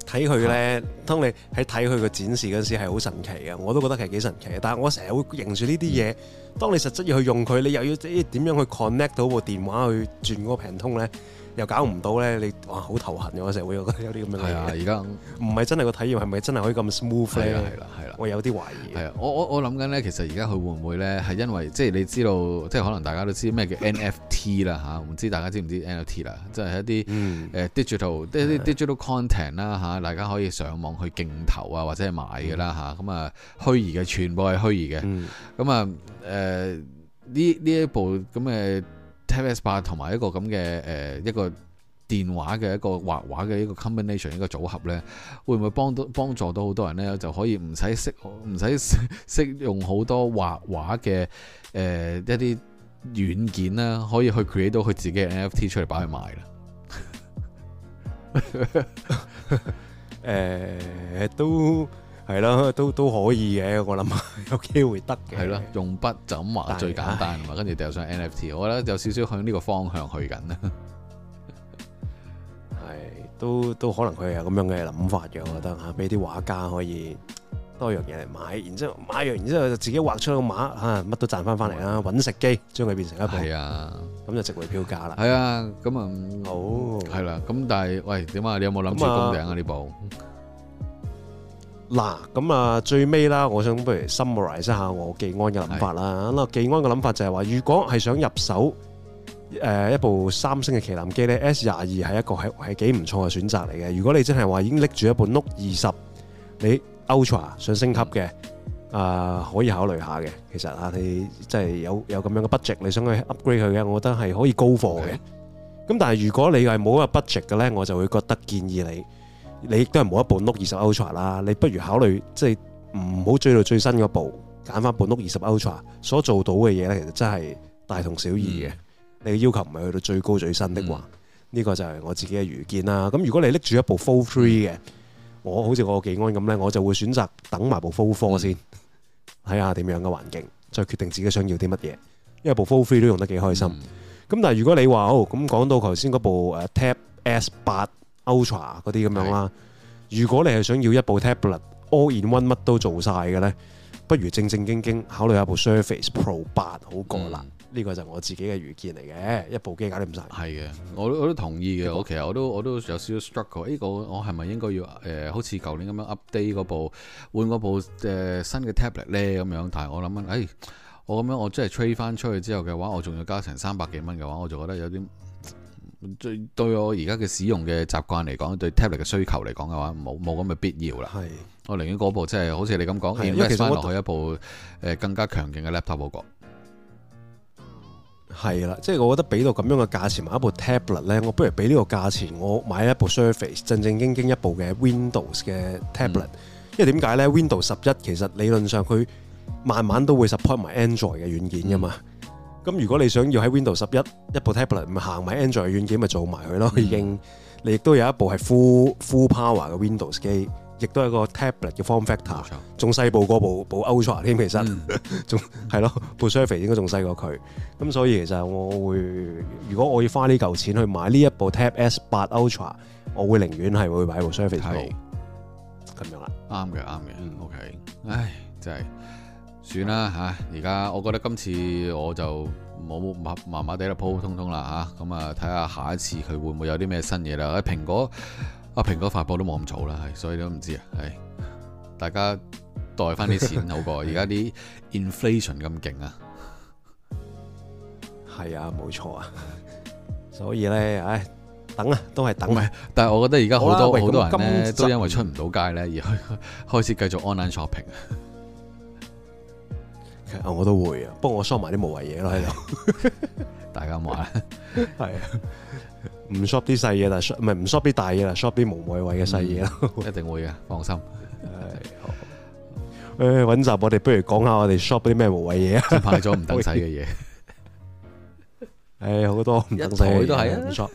睇佢咧，當你喺睇佢個展示嗰時係好神奇嘅，我都覺得係幾神奇。但係我成日會認住呢啲嘢，嗯、當你實質要去用佢，你又要啲點樣去 connect 到部電話去轉嗰個平通咧？又搞唔到咧，你哇好頭痕嘅，我成日會覺得有啲咁樣。係啊，而家唔係真係個體驗係咪真係可以咁 smooth 咧？係啦、啊，係啦、啊，我有啲懷疑、啊。係啊，我我我諗緊咧，其實而家佢會唔會咧係因為即係你知道，即係可能大家都知咩叫 NFT 啦、啊、嚇，唔知大家知唔知 NFT 啦、啊？即、就、係、是、一啲誒、嗯呃、digital，即係啲 digital content 啦、啊、嚇，大家可以上網去競投啊，或者係買嘅啦嚇。咁啊，啊，虛擬嘅全部係虛擬嘅，咁啊誒呢呢一部。咁誒。Tab S8 同埋一個咁嘅誒一個電話嘅一個畫畫嘅一個 combination 一個組合呢，會唔會幫到幫助到好多人呢？就可以唔使識唔使識用好多畫畫嘅誒、呃、一啲軟件啦，可以去 create 到佢自己嘅 NFT 出嚟，擺佢賣啦。誒都。係咯，都都可以嘅。我諗有機會得嘅。係咯，用筆就咁畫但最簡單啊嘛，跟住掉上 NFT，我覺得有少少向呢個方向去緊啦。係 [LAUGHS] 都都可能佢有咁樣嘅諗法嘅，我覺得吓，俾啲畫家可以多樣嘢嚟買，然之後買完，之後就自己畫出個馬，吓乜都賺翻翻嚟啦，搵食機，將佢變成一部。係啊，咁就值回票價啦。係啊，咁啊，嗯、好。係啦，咁但係，喂，點啊？你有冇諗出攻頂啊？呢部？嗱，咁啊最尾啦，我想不如 summarise 下我技安嘅諗法啦。咁啊，技安嘅諗法就係話，如果係想入手誒一部三星嘅旗艦機咧，S 廿二係一個係係幾唔錯嘅選擇嚟嘅。如果你真係話已經拎住一部 Note 二十，你 Ultra 想升級嘅啊，可以考慮下嘅。其實啊，你真係有有咁樣嘅 budget，你想去 upgrade 佢嘅，我覺得係可以高貨嘅。咁但係如果你係冇嗰個 budget 嘅咧，我就會覺得建議你。你亦都係冇一部 Note 二十 Ultra 啦，你不如考慮，即係唔好追到最新嗰部，揀翻部 Note 二十 Ultra 所做到嘅嘢咧，其實真係大同小異嘅。嗯、你嘅要求唔係去到最高最新的話，呢、嗯、個就係我自己嘅愚見啦。咁如果你拎住一部 Full Three 嘅，我好似我技安咁咧，我就會選擇等埋部 Full Four 先，睇下點樣嘅環境，再決定自己想要啲乜嘢。因為部 Full Three 都用得幾開心。咁、嗯、但係如果你話哦，咁講到頭先嗰部誒 Tab S 八。Ultra 嗰啲咁樣啦，對如果你係想要一部 tablet all in one 乜都做晒嘅咧，不如正正經經考慮下部 Surface Pro 八好過啦。呢、嗯、個就我自己嘅預見嚟嘅，嗯、一部機搞掂晒。係嘅，我都我都同意嘅。部我其實我都我都有少少 struggle。呢個對、欸、我係咪應該要誒、呃，好似舊年咁樣 update 嗰部，換嗰部誒、呃、新嘅 tablet 咧咁樣？但係我諗緊，誒、欸，我咁樣我真係 trade 翻出去之後嘅話，我仲要加成三百幾蚊嘅話，我就覺得有啲。最對，對我而家嘅使用嘅習慣嚟講，對 tablet 嘅需求嚟講嘅話，冇冇咁嘅必要啦。係的，我寧願嗰部即係、就是、好似你咁講，invest 翻落去一部誒、呃、更加強勁嘅 laptop 嗰個。係啦，即係我覺得俾到咁樣嘅價錢買一部 tablet 咧，我不如俾呢個價錢我買一部 Surface 正正經經一部嘅 Windows 嘅 tablet、嗯。因為點解咧？Windows 十一其實理論上佢慢慢都會 support 埋 Android 嘅軟件㗎嘛。嗯。咁如果你想要喺 Windows 十一一部 tablet 咪行埋 Android 軟件咪做埋佢咯，嗯、已經你亦都有一部係 full full power 嘅 Windows 機，亦都係個 tablet 嘅 form factor，仲細錯部過部部 Ultra 添，其實仲係、嗯、咯部 Surface 應該仲細過佢，咁所以其實我會如果我要花呢嚿錢去買呢一部 Tab S 八 Ultra，我會寧願係會買部 Surface 好對，咁樣啦，啱嘅啱嘅，OK，唉真係。算啦嚇，而、啊、家我覺得今次我就冇麻麻麻地啦，普 [MUSIC] 普通通啦嚇。咁啊，睇下下一次佢會唔會有啲咩新嘢啦。喺、啊、蘋果 [LAUGHS] 啊，蘋果發佈都冇咁早啦，所以都唔知啊。係、哎、大家袋翻啲錢好過，而家啲 inflation 咁勁 [LAUGHS] 啊。係啊，冇錯啊。所以咧，唉、哎，等啊，都係等啊。唔係，但係我覺得而家好多、啊、好多人咧，金都因為出唔到街咧，而開開始繼續 online shopping。 [LAUGHS] 我都會我 [LAUGHS] 啊，不過我 shop 埋啲無謂嘢咯喺度，大家話，係啊，唔 shop 啲細嘢啦，唔係唔 shop 啲大嘢啦，shop 啲無謂嘅細嘢咯，一定會嘅，放心。誒揾集，我哋不如講下我哋 shop 啲咩無謂嘢啊，拍咗唔等使嘅嘢，誒好多唔等使都係啊，唔錯。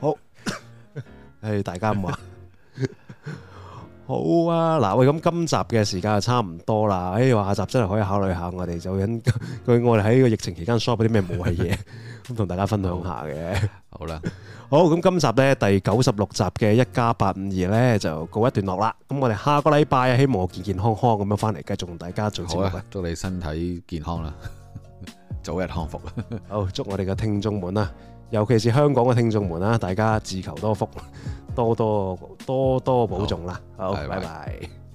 好，誒大家話。 [LAUGHS] 好啊，嗱喂，咁今集嘅時間就差唔多啦，哎，話下集真係可以考慮下，我哋就引，據 [LAUGHS] 我哋喺呢個疫情期間，shop 啲咩無謂嘢，咁同大家分享下嘅。好啦，好咁今集呢，第九十六集嘅一加八五二呢，就告一段落啦。咁我哋下個禮拜希望我健健康康咁樣翻嚟，繼續同大家做節目啦。祝你身體健康啦，早日康復。 [LAUGHS] 好，祝我哋嘅聽眾們啦，尤其是香港嘅聽眾們啦，大家自求多福。多多多多保重啦，多好，拜拜。 [LAUGHS]